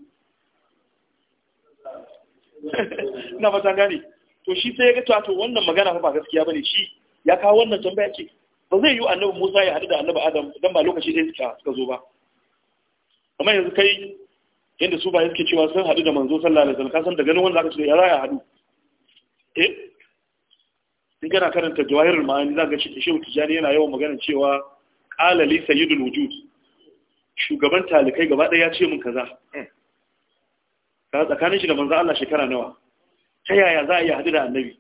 na fatan gane to shi sai ya ga to wannan magana fa ba gaskiya bane shi ya kawo wannan tambaya ce ba zai yi annabi Musa ya haɗu da annabi Adam dan ba lokaci ɗaya suka suka zo ba amma yanzu kai yadda su ba yake cewa sun haɗu da manzo sallallahu alaihi wasallam kasan da ganin wanda aka ce ya za ya haɗu eh in kana karanta jawahirul ma'ani zaka ga shi shehu tijani yana yawan magana cewa qala li sayyidul wujud shugaban talikai gaba ɗaya ya ce min kaza hmm. ka tsakanin shi da manzo Allah shekara nawa ta yaya za a yi hadu da annabi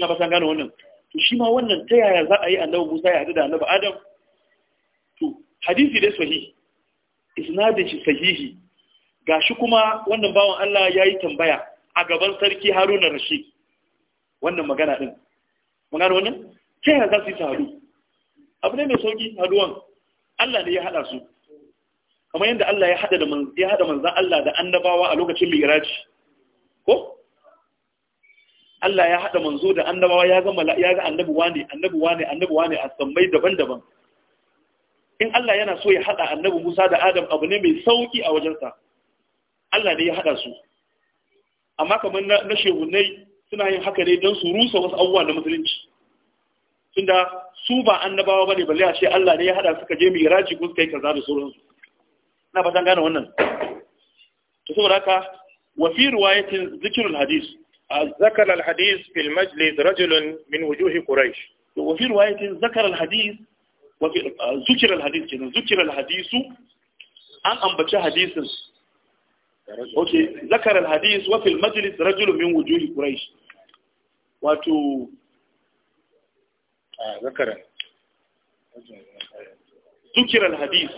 na ba san gane wannan to shi ma wannan ta yaya za a yi annabi Musa ya hadu da annabi Adam to hadisi dai sahihi isnadin shi sahihi gashi kuma wannan bawan Allah ya yi tambaya a gaban sarki Haruna Rashid wannan magana din mun gane wannan ta yaya za su yi su hadu abu ne mai sauki haduwan Allah ne ya hada su kamar yadda Allah ya hada da ya hada manzan Allah da annabawa a lokacin mi'raji ko Allah ya hada manzo da annabawa ya ga ya ga annabi wani annabi wani annabi wani a sammai daban-daban in Allah yana so ya hada annabi Musa da Adam abu ne mai sauki a wajensa Allah ne ya hada su amma kamar na, na shehunai suna yin haka ne don su rusa wasu abubuwa na musulunci tunda su ba annabawa bane balle a ce Allah ne ya hada suka je miraji ko suka yi kaza da sauransu na fatan gane wannan to saboda haka wa fi riwayatin zikrul hadis zakara al hadis fil rajulun min wujuhi quraish wa fi riwayatin zakara al hadis wa fi zikr al hadis kenan zikr hadisu an ambaci hadisin okay zakar alhadis wa fil majlis rajulun min wujuhi quraish wato zakar zukir alhadis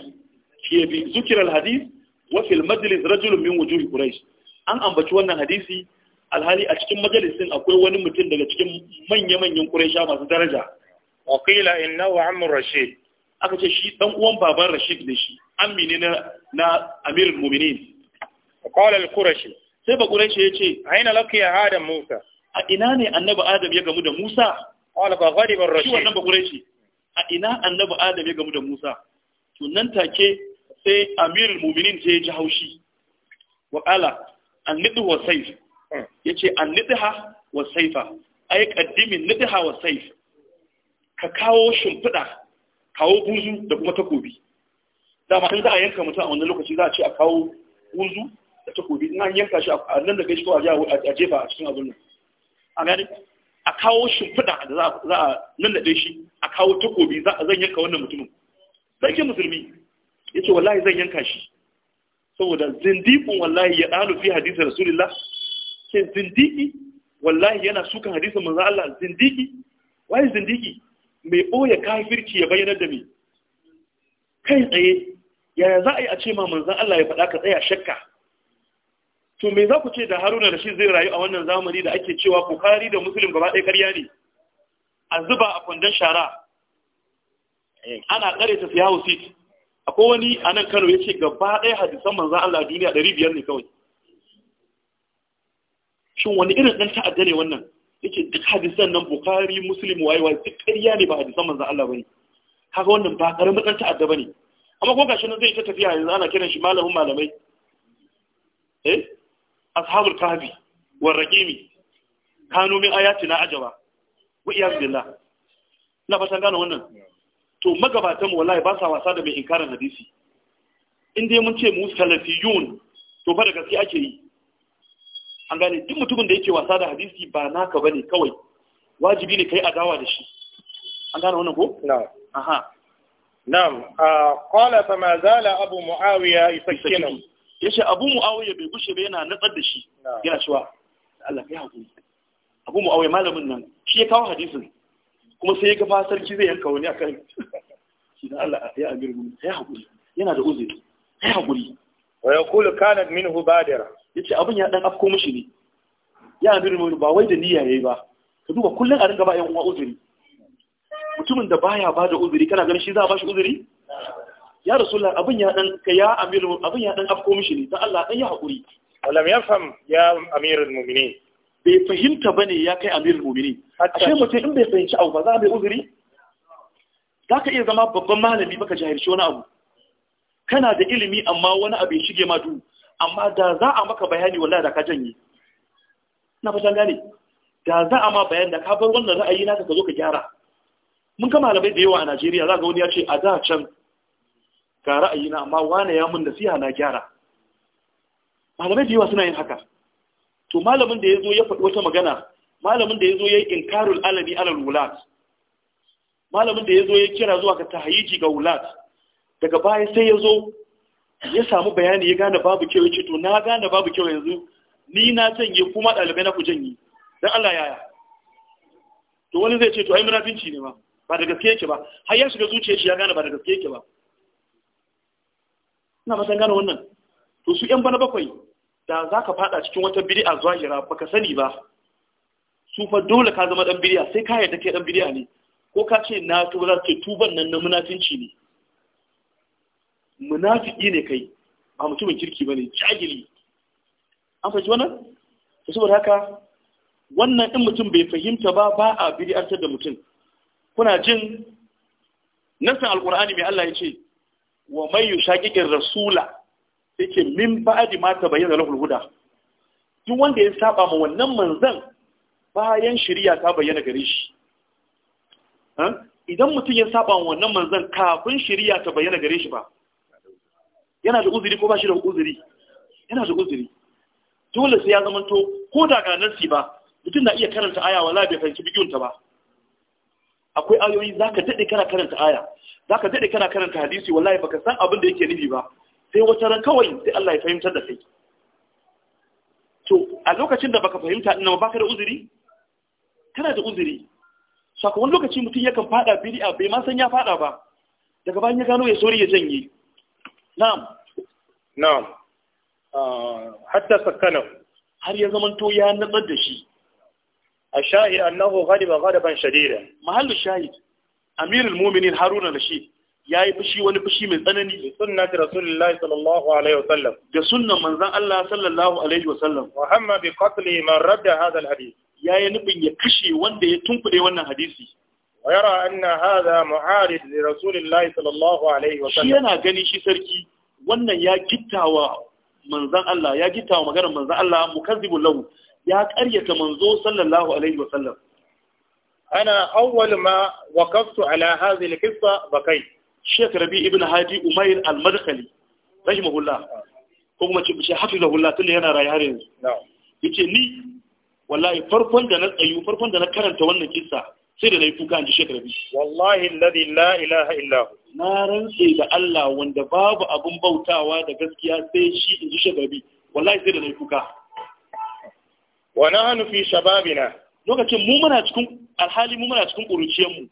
ya bi zukiral hadis wa fil majlis rajulun min wujuhi an ambaci wannan hadisi alhali a cikin majalisin akwai wani mutum daga cikin manya-manyan quraisha masu daraja wa qila innahu amr rashid aka ce shi dan uwan baban rashid ne shi ammi ne na na amirul mu'minin qala al qurashi sai ba qurashi yace aina laqiya adam musa a ina ne annabi adam ya gamu da musa qala ba ghadiban rashid shi wannan ba qurashi a ina annabi adam ya gamu da musa to nan take sai amirul muminin sai ji haushi wa qala an nidhu wa sayf hmm. yace an nidha wa sayfa ai qaddimin nidha wa sayf ka kawo shimfida kawo buzu da kuma takobi dama in za a yanka mutum a wannan lokaci za a ce a kawo buzu da takobi Ina an yanka shi a nan da gaishe ko a jefa a cikin abin nan a gani a kawo shimfiɗa da za a nan da shi a kawo takobi zan yanka wannan mutumin ke musulmi Ya ce, wallahi zan yanka shi saboda zindiƙin wallahi ya dalu fi hadisi rasulullah shin zindiki wallahi yana suka hadisin manzo Allah zindiki wai zindiki mai boye kafirci ya bayyana da me kai tsaye yaya za a yi a ce ma manzo Allah ya faɗa ka tsaya shakka to me za ku ce da Haruna da shi zai rayu a wannan zamani da ake cewa Bukhari da Muslim gaba ɗaya ƙarya ne a zuba a kwandon shara ana ƙare ta fiyawo sit akwai wani a nan kano ya ce gaba ɗaya hadisan manzan Allah duniya ɗari biyar ne kawai shin wani irin ɗan ta'adda ne wannan ya ce duk hadisan nan bukari musulun wayewa duk ƙarya ne ba hadisan manzan Allah ba ne haka wannan ba ƙaramin ɗan ta'adda ba ne amma ko gashi nan zai ta tafiya yanzu ana kiran shi malamin malamai eh ashabul kahfi war raqimi kanu min ayatina ajaba wa iyaz billah na fatan gano wannan to magabatan wallahi ba sa wasa da mai inkarin hadisi in dai mun ce mu salafiyun to fa da gaske ake yi an gane duk mutumin da yake wasa da hadisi ba naka bane kawai wajibi ne kai adawa da shi an gane wannan ko na'am aha na'am qala fa ma zala abu muawiya yusakkinu yace abu muawiya bai gushe ba yana natsar da shi yana cewa Allah kai hakuri abu muawiya malamin nan shi ya kawo hadisin kuma sai ya ga sarki zai yanka wani akan shi da Allah ya amir mu sai hakuri yana da uzuri sai hakuri wa yaqulu kanat minhu badira yace abin ya dan afko mishi ne ya amir mu ba wai da niyya yayi ba ka duba kullun a ringa ba yan uwa uzuri mutumin da baya ba da uzuri kana ganin shi za a ba shi uzuri ya rasulullah abin ya dan ka ya amir abin ya dan afko mishi ne dan Allah dan ya hakuri walam yafham ya amirul mu'minin bai fahimta ba ne ya kai amirul mumini ashe mutum in bai fahimci abu ba za a bai uzuri za ka iya zama babban malami baka jahilci wani abu kana da ilimi amma wani abu ya shige ma duhu amma da za a maka bayani wallahi da ka janye na fatan gane da za a ma bayani da ka bar wannan ra'ayi naka ka zo ka gyara mun ga malamai da yawa a Najeriya za ga wani ya ce a da can ga ra'ayi na amma wane ya mun nasiha na gyara malamai da yawa suna yin haka to malamin da ya zo ya faɗi wata magana malamin da ya zo ya yi inkarul alami alal wulat malamin da ya zo ya kira zuwa ga tahayiji ga wulat daga baya sai ya zo ya samu bayani ya gane babu kyau ya ce to na gane babu kyau yanzu ni na janye kuma ɗalibai na ku janye don Allah yaya to wani zai ce to ai munafinci ne ma ba da gaske yake ba har ya shiga zuciya shi ya gane ba da gaske yake ba ina ba san gane wannan to su yan bana bakwai da za ka fada cikin wata bid'a zahira ka sani ba su fa dole ka zama dan bidi'a sai ka yarda kai dan bidi'a ne ko ka ce na to za ce tuban nan na munafinci ne munafiki ne kai ba mutumin kirki bane jahili an fahimci wannan to saboda haka wannan din mutum bai fahimta ba ba a bid'antar da mutum kuna jin nasan alqur'ani mai Allah ya ce wa may yushaqiqir rasula yake min ba'adi ma ta bayyana lahul huda duk wanda ya saba ma wannan manzan bayan shari'a ta bayyana gare shi idan mutum ya saba ma wannan manzan kafin shari'a ta bayyana gare shi ba yana da uzuri ko ba shi da uzuri yana da uzuri dole sai ya zama to ko da ga nasi ba mutum na iya karanta aya wala bai fahimci ta ba akwai ayoyi zaka dade kana karanta aya zaka dade kana karanta hadisi wallahi baka san abin da yake nufi ba sai wata ran kawai sai Allah ya fahimtar da kai to a lokacin da baka fahimta ina baka da uzuri kana da uzuri saka wani lokaci mutum yakan fada bid'a bai ma san ya fada ba daga bayan ya gano ya sori ya janye na'am na'am ah, hatta sakana har ya zaman zamanto ya nabar da shi الشاهد أنه غلب غلبا شديدا shahid الشاهد أمير المؤمنين هارون rashid ya yi fushi wani fushi mai tsanani Da bi sunnati rasulillahi sallallahu alaihi wa sallam da sunnan manzon Allah sallallahu alaihi wa sallam wa hamma bi qatli man radda hadha al hadith ya yi nufin ya kashe wanda ya tunkuɗe wannan hadisi wa yara anna hadha mu'arid li rasulillahi sallallahu alaihi wa sallam shi yana gani shi sarki wannan ya gittawa manzon Allah ya gittawa maganar manzon Allah mukazzibul lahu ya ƙaryata manzo sallallahu alaihi wa sallam ana awwal ma waqaftu ala hadhihi al-qissa bakai Sheikh Rabi ibn Hadi Umair al-Madkhali rahimahullah ko kuma ce bishe hafizahullah tunda yana rayuwa har yanzu yace ni wallahi farkon da na tsayu farkon da na karanta wannan kissa sai da nayi kuka ji Sheikh Rabi wallahi alladhi la ilaha illa hu na rantse da Allah wanda babu abun bautawa da gaskiya sai shi inji Sheikh Rabi wallahi sai da nayi kuka wa nahnu fi shababina lokacin mu muna cikin alhali mu muna cikin kuruciyar mu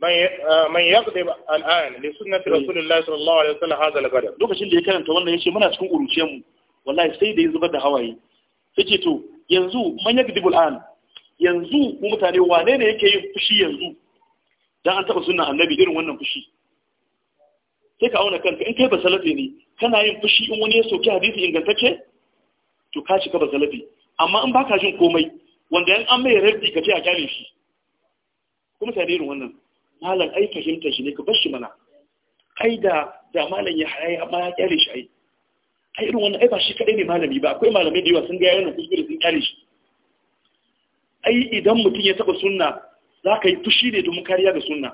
man yaqdi al'an li sunnati rasulillahi sallallahu alaihi wasallam hadha al-badal lokacin da ya karanta wannan yace muna cikin kuruciyar mu wallahi sai da ya zubar da hawaye yace to yanzu man yaqdi al'an yanzu ku mutane wane ne yake yin fushi yanzu dan an taba sunnan annabi irin wannan fushi sai ka auna kanka in kai ba salafi ne kana yin fushi in wani ya soki hadisi ingantacce to ka shiga ba salafi amma in baka jin komai wanda yan an mai rabbi ka ce a kyale shi kuma sai irin wannan malam ai fahimtar shi ne ka bar shi mana ai da da malam ya haye amma ya kyale shi ai ai irin wannan ai ba shi kadai ne malami ba akwai malamai da yawa sun ga yana kuskure sun kyale shi ai idan mutum ya taba sunna za ka yi fushi ne domin kariya ga sunna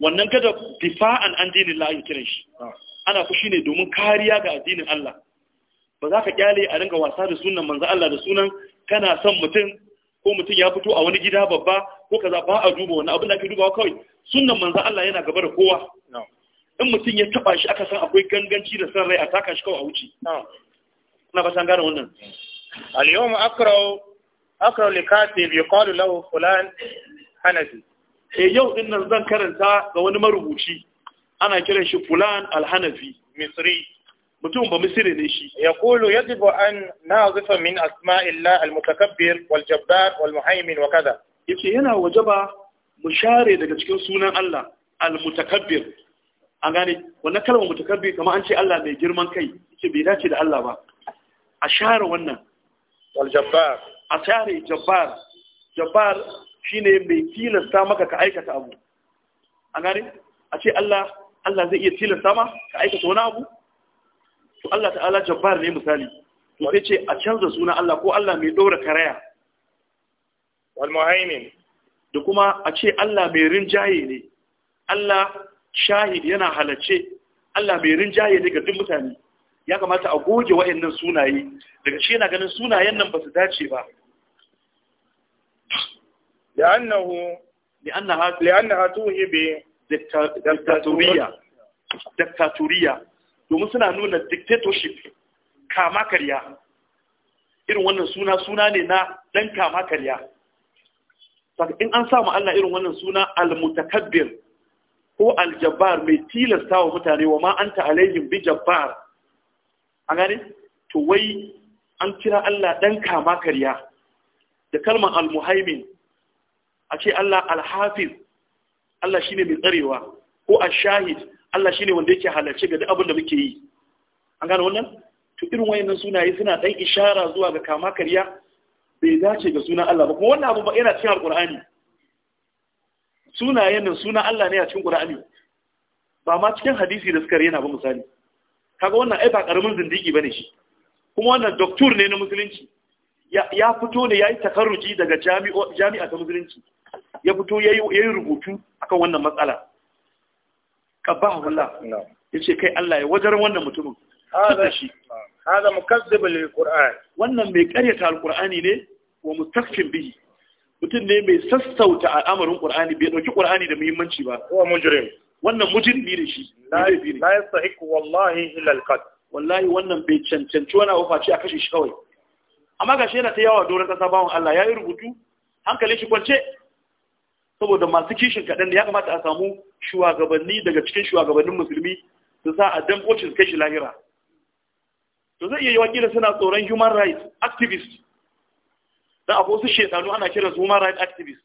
wannan kada difa'an an dinin Allah kiran shi ah. ana fushi ne domin kariya ga addinin Allah ba za ka kyale a ringa wasa da sunan manzo Allah da sunan kana son mutum ko mutum ya fito a wani gida babba ko kaza ba a duba wani abin da ake dubawa kawai Sunan manzo Allah yana gaba da kowa in mutum ya taba shi aka san akwai ganganci da san rai a taka shi kawai a wuce na ba san gane wannan al yawm akraw akraw li katib yuqalu lahu fulan hanafi eh yau din nan zan karanta ga wani marubuci ana kiran shi fulan al-hanafi misri mutum ba misiri ne shi ya kulu yajibu an nazifa min asma'illah al-mutakabbir wal jabbar wal muhaimin wa kada. yace yana wajaba mu share daga cikin sunan Allah al-mutakabbir an gane wannan kalmar mutakabbir kamar an ce Allah mai girman kai yace bai dace da Allah ba a share wannan wal jabbar a share jabbar jabbar shine mai tilasta maka ka aikata abu an gane a ce Allah Allah zai iya tilasta ma ka aikata wani abu to Allah ta'ala jabbar ne misali to sai ce a canza sunan Allah ko Allah mai daura karaya wal muhaimin da kuma a ce Allah mai rinjaye ne Allah shahid yana halacce Allah mai rinjaye ne ga duk mutane ya kamata a goge wayannan sunaye daga shi yana ganin sunayen nan ba su dace ba لأنه لأنها لأنها توهب دكتاتورية دكتاتورية domin suna nuna dictatorship kama karya irin wannan suna suna ne na dan kama karya in an samu Allah irin wannan suna al-mutakabbir ko al-jabbar mai tilasta wa mutane wa ma anta alaihim bi jabbar an gane to wai an kira Allah dan kama karya da kalmar al-muhaimin a ce Allah al-hafiz Allah shine mai tsarewa ko al-shahid Allah shi ne wanda yake halarci ga duk abin da muke yi an gane wannan to irin wayannan sunaye suna dan ishara zuwa ga kama karya bai dace ga sunan Allah ba kuma wannan abu ba yana cikin alqur'ani sunayen nan sunan Allah ne a cikin qur'ani ba ma cikin hadisi da suka rena ba misali kaga wannan ai ba karamin zindigi bane shi kuma wannan doktor ne na musulunci ya fito ne yayi takarruji daga jami'a ta musulunci ya fito yayi rubutu akan wannan matsala qabbahu Allah ce kai Allah ya wajar wannan mutumin hada shi hada mukazzib lil qur'an wannan mai karyata alqur'ani ne wa mustakfin bihi mutum ne mai sassauta al'amarin qur'ani bai dauki qur'ani da muhimmanci ba wa mujrim wannan mujrimi ne shi la yastahiqu wallahi illa alqatl wallahi wannan bai cancanci wani abu face a kashe shi kawai amma gashi yana ta yawa doron kasa bawon Allah ya yi rubutu hankalin shi kwance saboda masu kishin kaɗan da ya kamata a samu shugabanni daga cikin shugabannin musulmi su sa a damƙocin kai shi lahira to zai iya yi wakilin suna tsoron human rights activist da abu su shekaru ana kira su human rights activist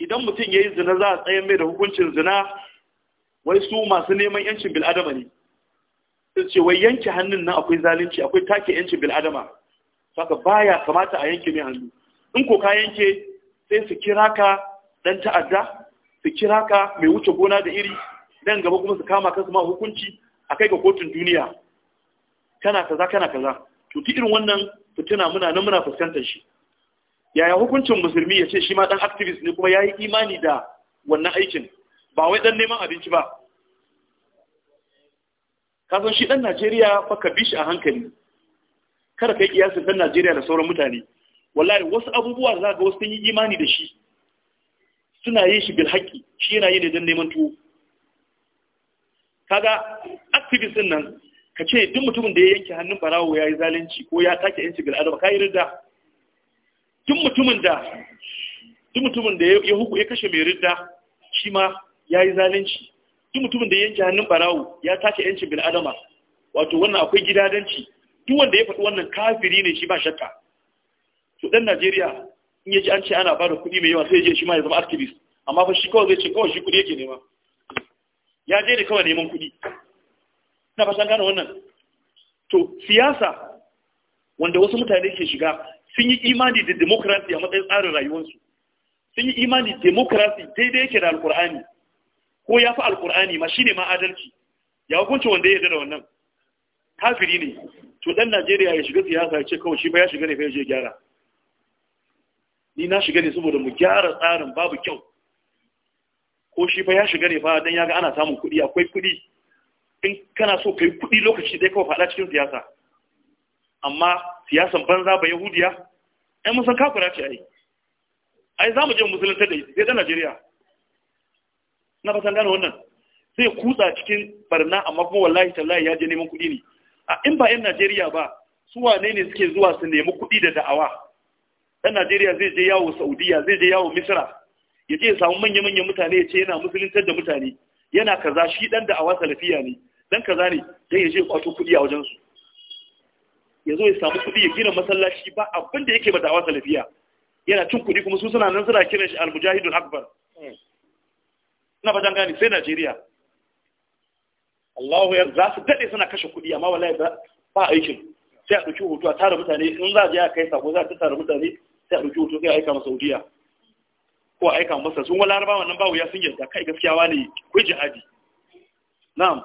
idan mutum ya yi zina za a tsayan mai da hukuncin zina wai su masu neman yancin bil'adama ne sun ce wai yanke hannun nan akwai zalunci akwai take yancin bil'adama saka baya kamata a yanke mai hannu in ko ka yanke sai su kira ka dan ta'adda su kira ka mai wuce gona da iri dan gaba kuma su kama kansu ma hukunci a kai ga kotun duniya kana kaza kana kaza to ti irin wannan fitina muna nan muna fuskantar shi yaya hukuncin musulmi ya ce shi ma dan activist ne kuma ya yi imani da wannan aikin ba wai dan neman abinci ba kasan shi dan Najeriya fa ka bi shi a hankali kada kai kiyasin dan Najeriya da sauran mutane wallahi wasu abubuwa za ga wasu sun yi imani da shi suna yin shi bil haƙƙi shi yana yi ne don neman tuwo kaga activist din nan ka ce duk mutumin da ya yanke hannun barawo ya yi zalunci ko ya take yanci bil adama ka yi ridda duk mutumin da duk mutumin da ya huku ya kashe mai ridda shi ma ya yi zalunci duk mutumin da ya yanke hannun barawo ya take yanci bil adama wato wannan akwai gidadanci duk wanda ya faɗi wannan kafiri ne shi ba shakka to dan Najeriya in yaji an ce ana bada kuɗi mai yawa sai je shi ma ya zama activist amma fa shi kawai zai ce kawai shi kuɗi yake nema ya je ne kawai neman kuɗi ina fatan gane wannan to siyasa wanda wasu mutane ke shiga sun yi imani da democracy a matsayin tsarin rayuwarsu sun yi imani democracy daidai yake da alkur'ani ko ya fi alkur'ani ma shine ma adalci ya hukunci wanda ya yarda da wannan kafiri ne to dan Najeriya ya shiga siyasa ya ce kawai shi ba ya shiga ne fa ya je gyara ni na shiga ne saboda mu gyara tsarin babu kyau ko shi fa ya shiga ne fa dan yaga ana samun kuɗi akwai kuɗi in kana so kai kuɗi lokaci dai kawai faɗa cikin siyasa amma siyasan banza ba yahudiya ai mun san kafira ce ai ai za mu je musulunta da ita sai da Najeriya na fatan gane wannan sai kutsa cikin barna amma kuma wallahi tallahi ya je neman kuɗi ne a in ba yan Najeriya ba su wane ne suke zuwa su nemi kuɗi da da'awa ɗan najeriya zai je yawo saudiya zai je yawo misra ya je ya samu manya-manyan mutane ya ce yana musuluntar da mutane yana kaza shi ɗan da awa salafiya ne ɗan kaza ne dan ya je kwato kuɗi a wajensu ya zo ya samu kuɗi ya gina masallaci ba abin da yake ba da awa salafiya yana cin kuɗi kuma su suna nan suna kiran shi almujahidul akbar hmm. ina fatan gane sai najeriya Allahu ya za su daɗe suna kashe kuɗi amma wallahi ba aikin sai a ɗauki hoto a tara mutane in za a je a kai sako za a tara mutane sai a ɗauki hoto sai aika masa saudiya ko aika masa sun wala larabawa nan bawu ya sun yarda kai gaskiya wani kai jihadi na'am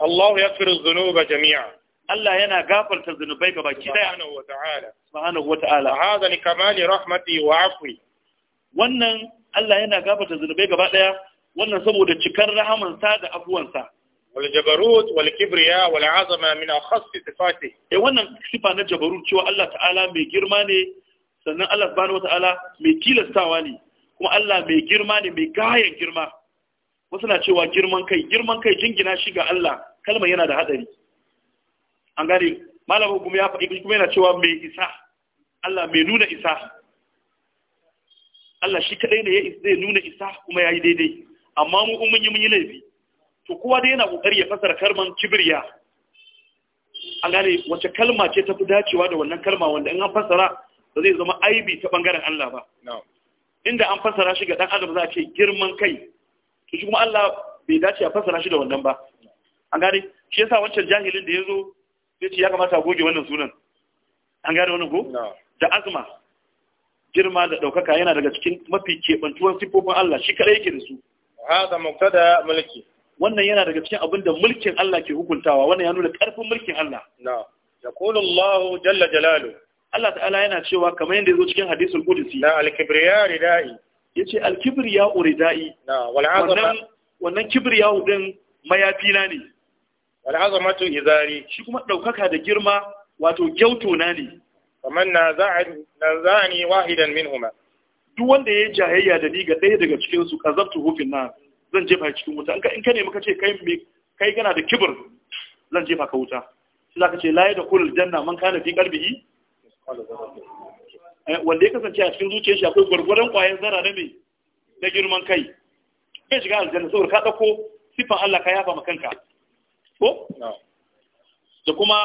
Allah ya firu zunuba jami'a Allah yana gafarta zunubai ga baki daya subhanahu wa ta'ala. wata'ala hada ni kamali rahmati wa afwi wannan Allah yana gafarta zunubai gaba ɗaya, wannan saboda cikar rahamansa da afuwansa والجبروت والكبرياء والعظمه من اخص صفاته eh wannan sifa na jabarut cewa Allah ta'ala mai girma ne sannan Allah subhanahu wataala mai tilastawa ne kuma Allah mai girma ne mai gayan girma wasu na cewa girman kai girman kai jingina shi ga Allah kalmar yana da hadari an gane malamin kuma ya faɗi kuma yana cewa mai isa Allah mai nuna isa Allah shi kadai ne zai nuna isa kuma ya yi daidai amma mu mun yi mun yi laifi to kowa dai yana kokari ya fasara kalmar kibriya an gane wace kalma ce ta fi dacewa da wannan kalma wanda in an fasara ba zai zama aibi ta bangaren Allah ba inda an fassara shi ga ɗan adam za a ce girman kai to shi kuma Allah bai dace a fassara shi da wannan ba an gane shi yasa wancan jahilin da ya zo, zai ce ya kamata a goge wannan sunan an gane wani ko da azma girma da ɗaukaka yana daga cikin mafi kebantuwan siffofin Allah shi kaɗai yake da su hada muktada mulki wannan yana daga cikin abin da mulkin Allah ke hukuntawa wannan ya nuna ƙarfin mulkin Allah na kulun Allahu jalla jalalu. Allah ta'ala yana cewa kamar yadda zo cikin hadisul qudsi na al-kibriya ridai yace al-kibriya uridai na wal azama wannan kibriya din mayafi na ne wal azamatu izari shi kuma daukaka da girma wato gyauto na ne kamar na za'ani na wahidan minhuma duk wanda ya jahayya da ni ga ɗaya daga cikin su kazabtu hufin na zan jefa cikin wuta in ka nemi ka ce kai me kai kana da kibir zan jefa ka wuta sai ka ce la ya da kulul janna man kana fi qalbihi Eh, wanda ya kasance a cikin zuciyar shi akwai gwargwaron ƙwayar zara na mai na girman kai ya shiga aljanna saboda ka ɗauko siffan Allah ka yaba ma kanka ko da kuma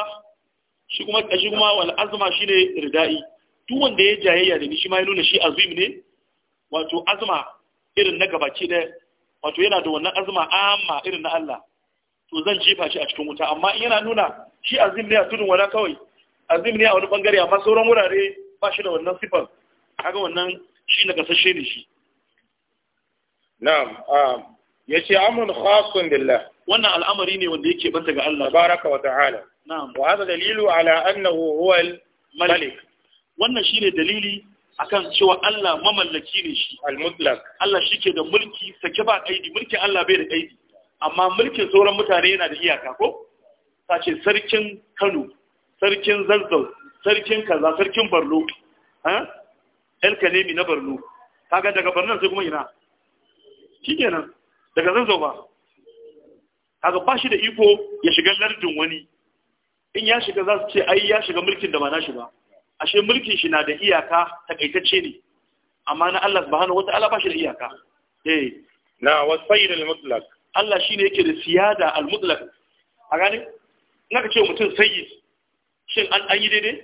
shi kuma shi kuma wal azma shine ridai duk wanda ya jayayya da ni shi ma ya nuna shi azim ne wato azma irin na gabaci da wato yana da wannan azma amma irin na Allah to zan jefa shi a cikin wuta amma in yana nuna shi azim ne a tudun wala kawai azim ne a wani bangare amma sauran wurare ba shi da wannan sifan kaga wannan shi na kasashe ne shi na'am ya ce amun khasun lillah wannan al'amari ne wanda yake banta ga Allah baraka wa ta'ala na'am wa hada dalilu ala annahu huwa al-malik wannan shine dalili akan cewa Allah mamallaki ne shi al-mutlaq Allah shike da mulki sake ba kaidi mulkin Allah bai da kaidi amma mulkin sauran mutane yana da iyaka ko sace sarkin Kano sarkin zazzau sarkin kaza sarkin barlo el kalemi na barlo kaga daga barnan sai kuma ina shi nan. daga zazzau ba kaga ba shi da iko ya shiga lardin wani in ya shiga za su ce ai ya shiga mulkin da ba na shi ba ashe mulkin shi na da iyaka takaitacce ne amma na Allah subhanahu wata'ala ba shi da iyaka eh na wasayr al-mutlaq Allah shine yake da siyada al-mutlaq a gane naka ce mutum sayyid shin an yi daidai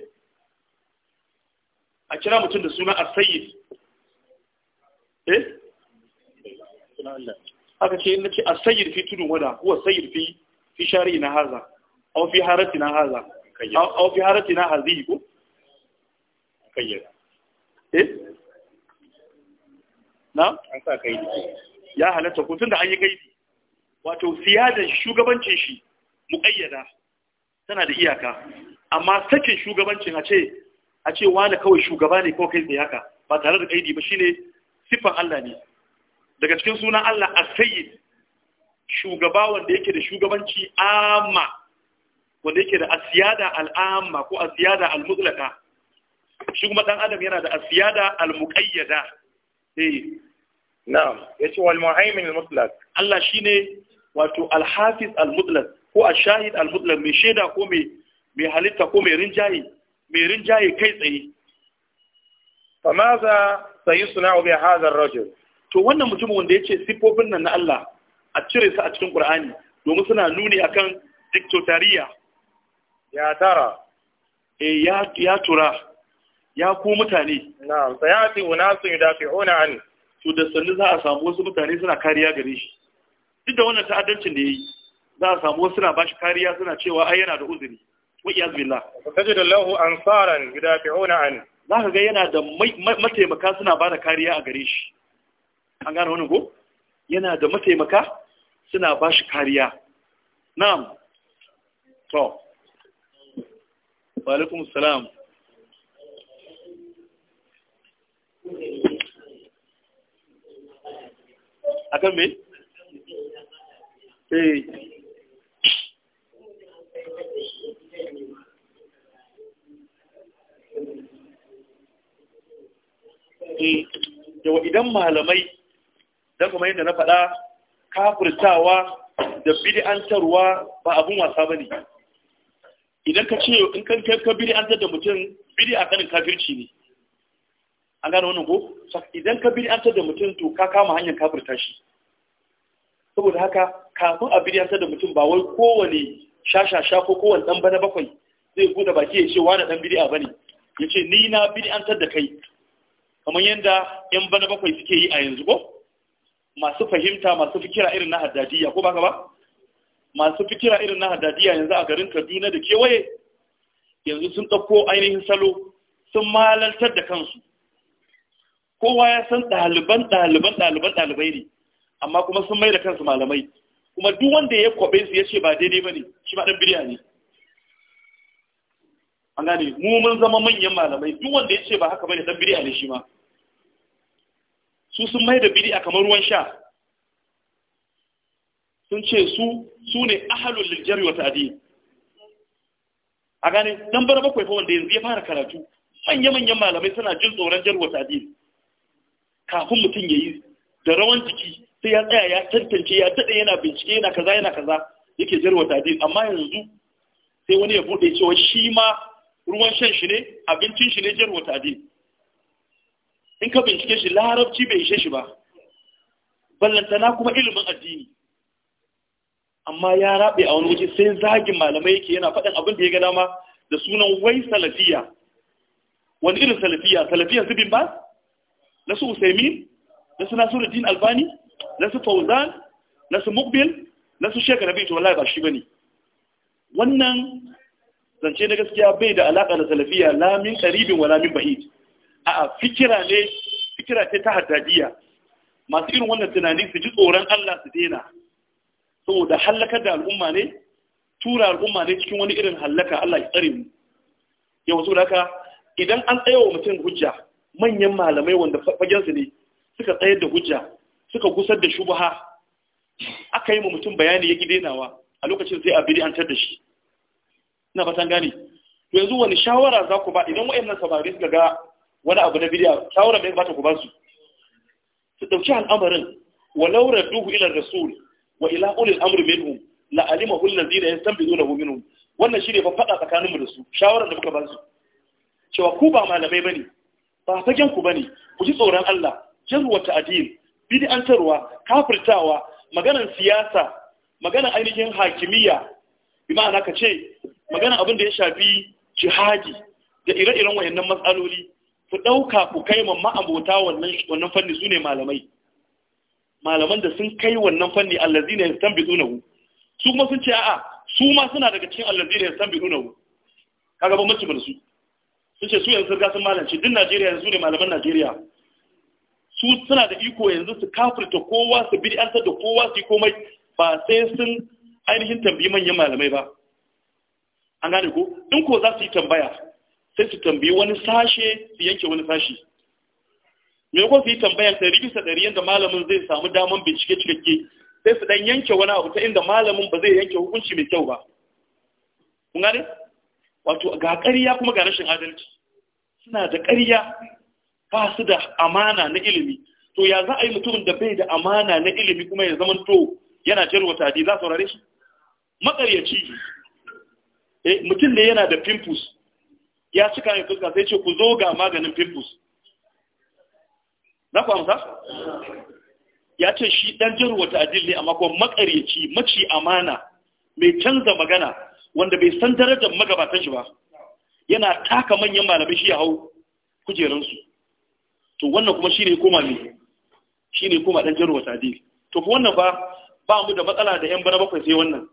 a kira mutum da suna sayi. eh aka ce na ce sayi fi tudun wada kuwa sayi fi fi shari na haza au fi harati na haza au fi harati na hazi ko kayyar eh na an sa kaidi ya halatta ko tunda an yi kaidi wato siyadan shugabancin shi muƙayyada tana da iyaka amma sakin shugabancin a ce a ce wani kawai shugaba ne ko kai tsaye haka ba tare da kaidi ba shine siffan Allah ne daga cikin sunan Allah as-sayyid shugaba wanda yake da shugabanci amma wanda yake da asiyada al'amma ko asiyada al mutlaqa shi kuma dan adam yana da asiyada al-muqayyada eh na'am yace wal muhaimin al-mutlaq Allah shine wato al-hafiz al-mutlaq ko ash-shahid al-mutlaq mai shaida ko mai mai halitta ko mai rinjaye mai rinjaye kai tsaye famaza yi suna obi hazar rajul to wannan mutumin wanda ya ce sifofin nan na Allah a cire su a cikin ƙur'ani domin suna nuni akan diktatariya ya tara e ya tura ya ku mutane na sayati unasun yudafi'una an to da sannu za a samu wasu mutane suna kariya gare shi duk da wannan ta'addancin da yi. za a samu wasu suna bashi kariya suna cewa ai yana da uzuri wa iyaz billah tajidu lahu ansaran yudafi'una an ka ga yana da mataimaka suna ba da kariya a gare shi an gane wani ko yana da mataimaka suna ba shi kariya na'am to wa alaikum A kan me eh Eh, yawa idan malamai da kuma yadda na faɗa kafurtawa da bid'antarwa ba abin wasa ba ne idan ka ce in kan ka bid'antar da mutum a kanin kafirci ne an gane wani ko idan ka bid'antar da mutum to ka kama hanyar kafurta shi saboda haka kafin a bid'antar da mutum ba wai kowane shashasha ko kowane dan bane bakwai zai buɗe baki ya ce wani dan ba ne. ya ce ni na bid'antar da kai kamar yadda yan bana bakwai suke yi a yanzu ko masu fahimta masu fikira irin na haddadiya ko baka ba masu fikira irin na haddadiya yanzu a garin kaduna da kewaye yanzu sun ɗauko ainihin salo sun malantar da kansu kowa ya san ɗaliban ɗaliban ɗaliban ɗalibai ne amma kuma sun mai da kansu malamai kuma duk wanda ya kwaɓe su ya ce ba daidai ba ne shi ma ɗan biriya ne an gane mu mun zama manyan malamai duk wanda ya ce ba haka bane dan bid'a ne shi ma su sun mai da bid'a kamar ruwan sha sun ce su su ne ahlul lil wa ta'di a gane dan bar bakwai fa wanda yanzu ya fara karatu manya manyan malamai suna jin tsoron jar wa ta'di kafin mutum yayi da rawan jiki sai ya tsaya ya tantance ya dade yana bincike yana kaza yana kaza yake jar wa ta'di amma yanzu sai wani ya bude cewa shi ma ruwan shan shi ne abincin shi ne jar wata in ka bincike shi larabci bai ishe shi ba ballantana kuma ilimin addini amma ya rabe a wani waje sai zagin malamai yake yana faɗin abin da ya ga dama da sunan wai salafiya wani irin salafiya salafiya su bin ba na su usaimin na su nasiruddin albani na su fauzan na su mukbil na su shekara bai to wallahi ba shi ne wannan zance na gaskiya bai da alaƙa da salafiya lamin ƙaribin wa lamin ba'id a fikira ne fikira ce ta haddadiya masu irin wannan tunani su ji tsoron Allah su daina saboda hallakar da al'umma ne tura al'umma ne cikin wani irin hallaka Allah ya tsare mu yau saboda haka idan an tsaye wa mutum hujja manyan malamai wanda fagen su ne suka tsayar da hujja suka gusar da shubha aka yi wa mutum bayani ya ki dainawa a lokacin sai a bidi an tar da shi ina fatan gane to yanzu wani shawara za ku ba idan nan samari suka ga wani abu na bidiyar shawara da ya bata ku ba su su ɗauki al'amarin duhu radduhu da rasul wa ila ulil amri minhum la alimahu allazina yastanbidunahu minhum wannan shi ne fada tsakanin mu da su shawara da muka ba su cewa ku ba malamai bane ba fagen ku bane ku ji tsoron Allah jarwa ta'dil bid'antarwa kafirtawa maganar siyasa maganar ainihin hakimiyya bi ma'ana ka ce magana abin da ya shafi jihadi da ire-iren wayannan matsaloli ku ɗauka ku kai ma ma'abota wannan fanni su ne malamai malaman da sun kai wannan fanni allazi ne san bi dunahu su kuma sun ce a'a su ma suna daga cikin allazi ne san bi dunahu kaga ban mace su sun ce su yanzu sun ga sun malance duk Najeriya yanzu ne malaman Najeriya su suna da iko yanzu su kafirta kowa su bid'anta da kowa su yi komai ba sai sun ainihin tambayi manyan malamai ba an gane ko in ko za su yi tambaya sai su tambayi wani sashe su yanke wani sashi me ko su yi tambayan sai rijista ɗari yadda malamin zai samu daman bincike cikakke sai su ɗan yanke wani abu ta inda malamin ba zai yanke hukunci mai kyau ba kun gane wato ga ƙarya kuma ga rashin adalci suna da ƙarya ba su da amana na ilimi to ya za a yi mutumin da bai da amana na ilimi kuma ya zama to yana jarwata za saurare shi maƙaryaci Eh, mutum ne yana da pimples ya cika mai fuska sai ce ku zo ga maganin pimples za ku amsa ya ce shi dan jarwa ta adil ne amma kuma makaryaci maci amana mai canza magana wanda bai san darajar magabatan shi ba yana taka manyan malamai shi ya hau kujerunsu to wannan kuma shi ne koma ne shi ne koma dan jarwa ta adil to wannan ba ba mu da matsala da yan bana bakwai sai wannan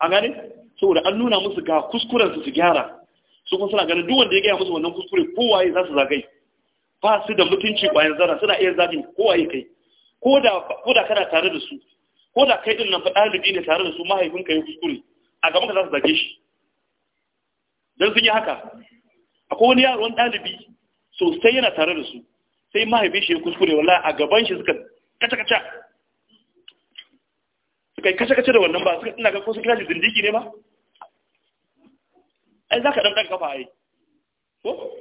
a gane saboda an nuna musu ga kuskuren su su gyara su kuma suna ganin duk wanda ya gaya musu wannan kuskure kowaye za su zagai ba su da mutunci ƙwayar zara suna iya zagin kowaye kai ko da kana tare da su ko da kai din nan fa ɗalibi ne tare da su mahaifinka ya kuskure a gaban ka za su zage shi don sun yi haka akwai wani yaro wani ɗalibi sosai yana tare da su sai mahaifin shi ya kuskure wallahi a gaban shi suka kaca kaca suka yi kashe-kashe da wannan ba suka ina ga ko su kira shi zindigi ne ma ai za ka ɗan ɗan kafa ai ko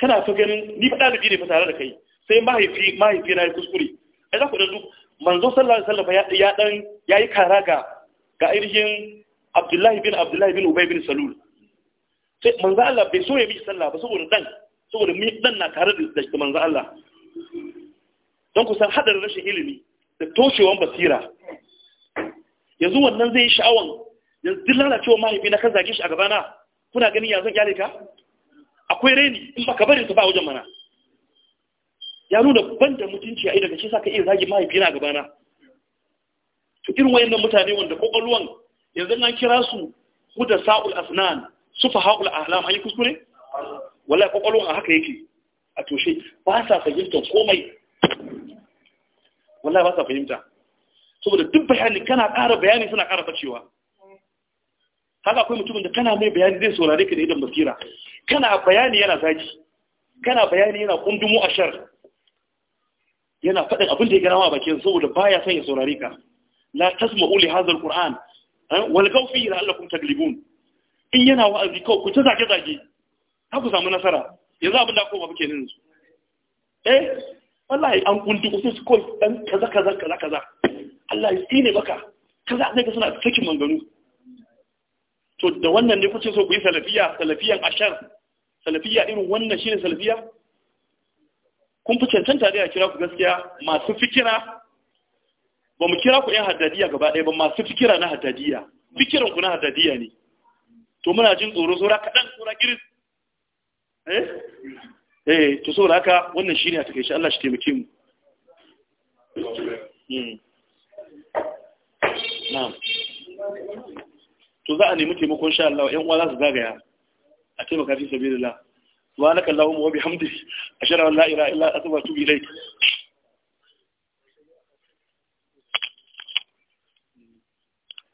kana so ganin ni da biyu ne fa tare da kai sai mahaifi mahaifi na yi kuskure ai za ku ɗan duk manzo sallallahu alaihi wasallam ya ɗan ya yi kara ga ga ainihin abdullahi bin abdullahi bin ubay bin salul sai manzo Allah bai so ya miki sallah ba saboda dan saboda mi dan na tare da manzo Allah don ku san hadarin rashin ilimi da toshewan basira yanzu wannan zai yi sha'awan yanzu lalacewa mahaifi na kan zage shi a gabana kuna ganin ya zan ka akwai reni in baka bari ta ba wajen mana ya nuna ban da mutunci a idan shi sa ka iya zage mahaifi na gabana to irin wayannan mutane wanda kokolwan yanzu an kira su huda sa'ul asnan sufaha'ul ahlam an yi kuskure wallahi kokolwan a haka yake a toshe ba sa fahimta komai wallahi ba sa fahimta saboda duk bayani kana ƙara bayani suna ƙara fashewa. haka akwai mutumin da kana mai bayani zai saurare ka da idan basira kana bayani yana zaki kana bayani yana kundumu a shar yana faɗin abin da ya gana bakin saboda baya son ya saurare ka la tasma'u uli hadha qur'an eh, wal gawfi allakum taglibun in yana wa'azi kawai ku ta zage zage har ku samu nasara yanzu abin da ba muke nan eh wallahi an kundu ku sai ko dan kaza kaza kaza kaza Allah ya tsine baka kaza zai ga suna sakin manganu to da wannan ne kuce so ku yi salafiya salafiyan ashar salafiya irin wannan shine salafiya kun fi cancanta da ya kira ku gaskiya masu fikira ba mu kira ku 'yan haddadiya gaba ɗaya ba masu fikira na haddadiya fikiran ku na haddadiya ne to muna jin tsoro tsora kaɗan tsora giris eh eh to saboda haka wannan shine a shi Allah shi taimake mu hmm. na'am to za a nemi taimakon sha Allah ƴan uwa za su zagaya a taimaka fi sabilillah subhanakallahumma wa bihamdika ashhadu an la ilaha illa anta astaghfiruka wa atubu ilayk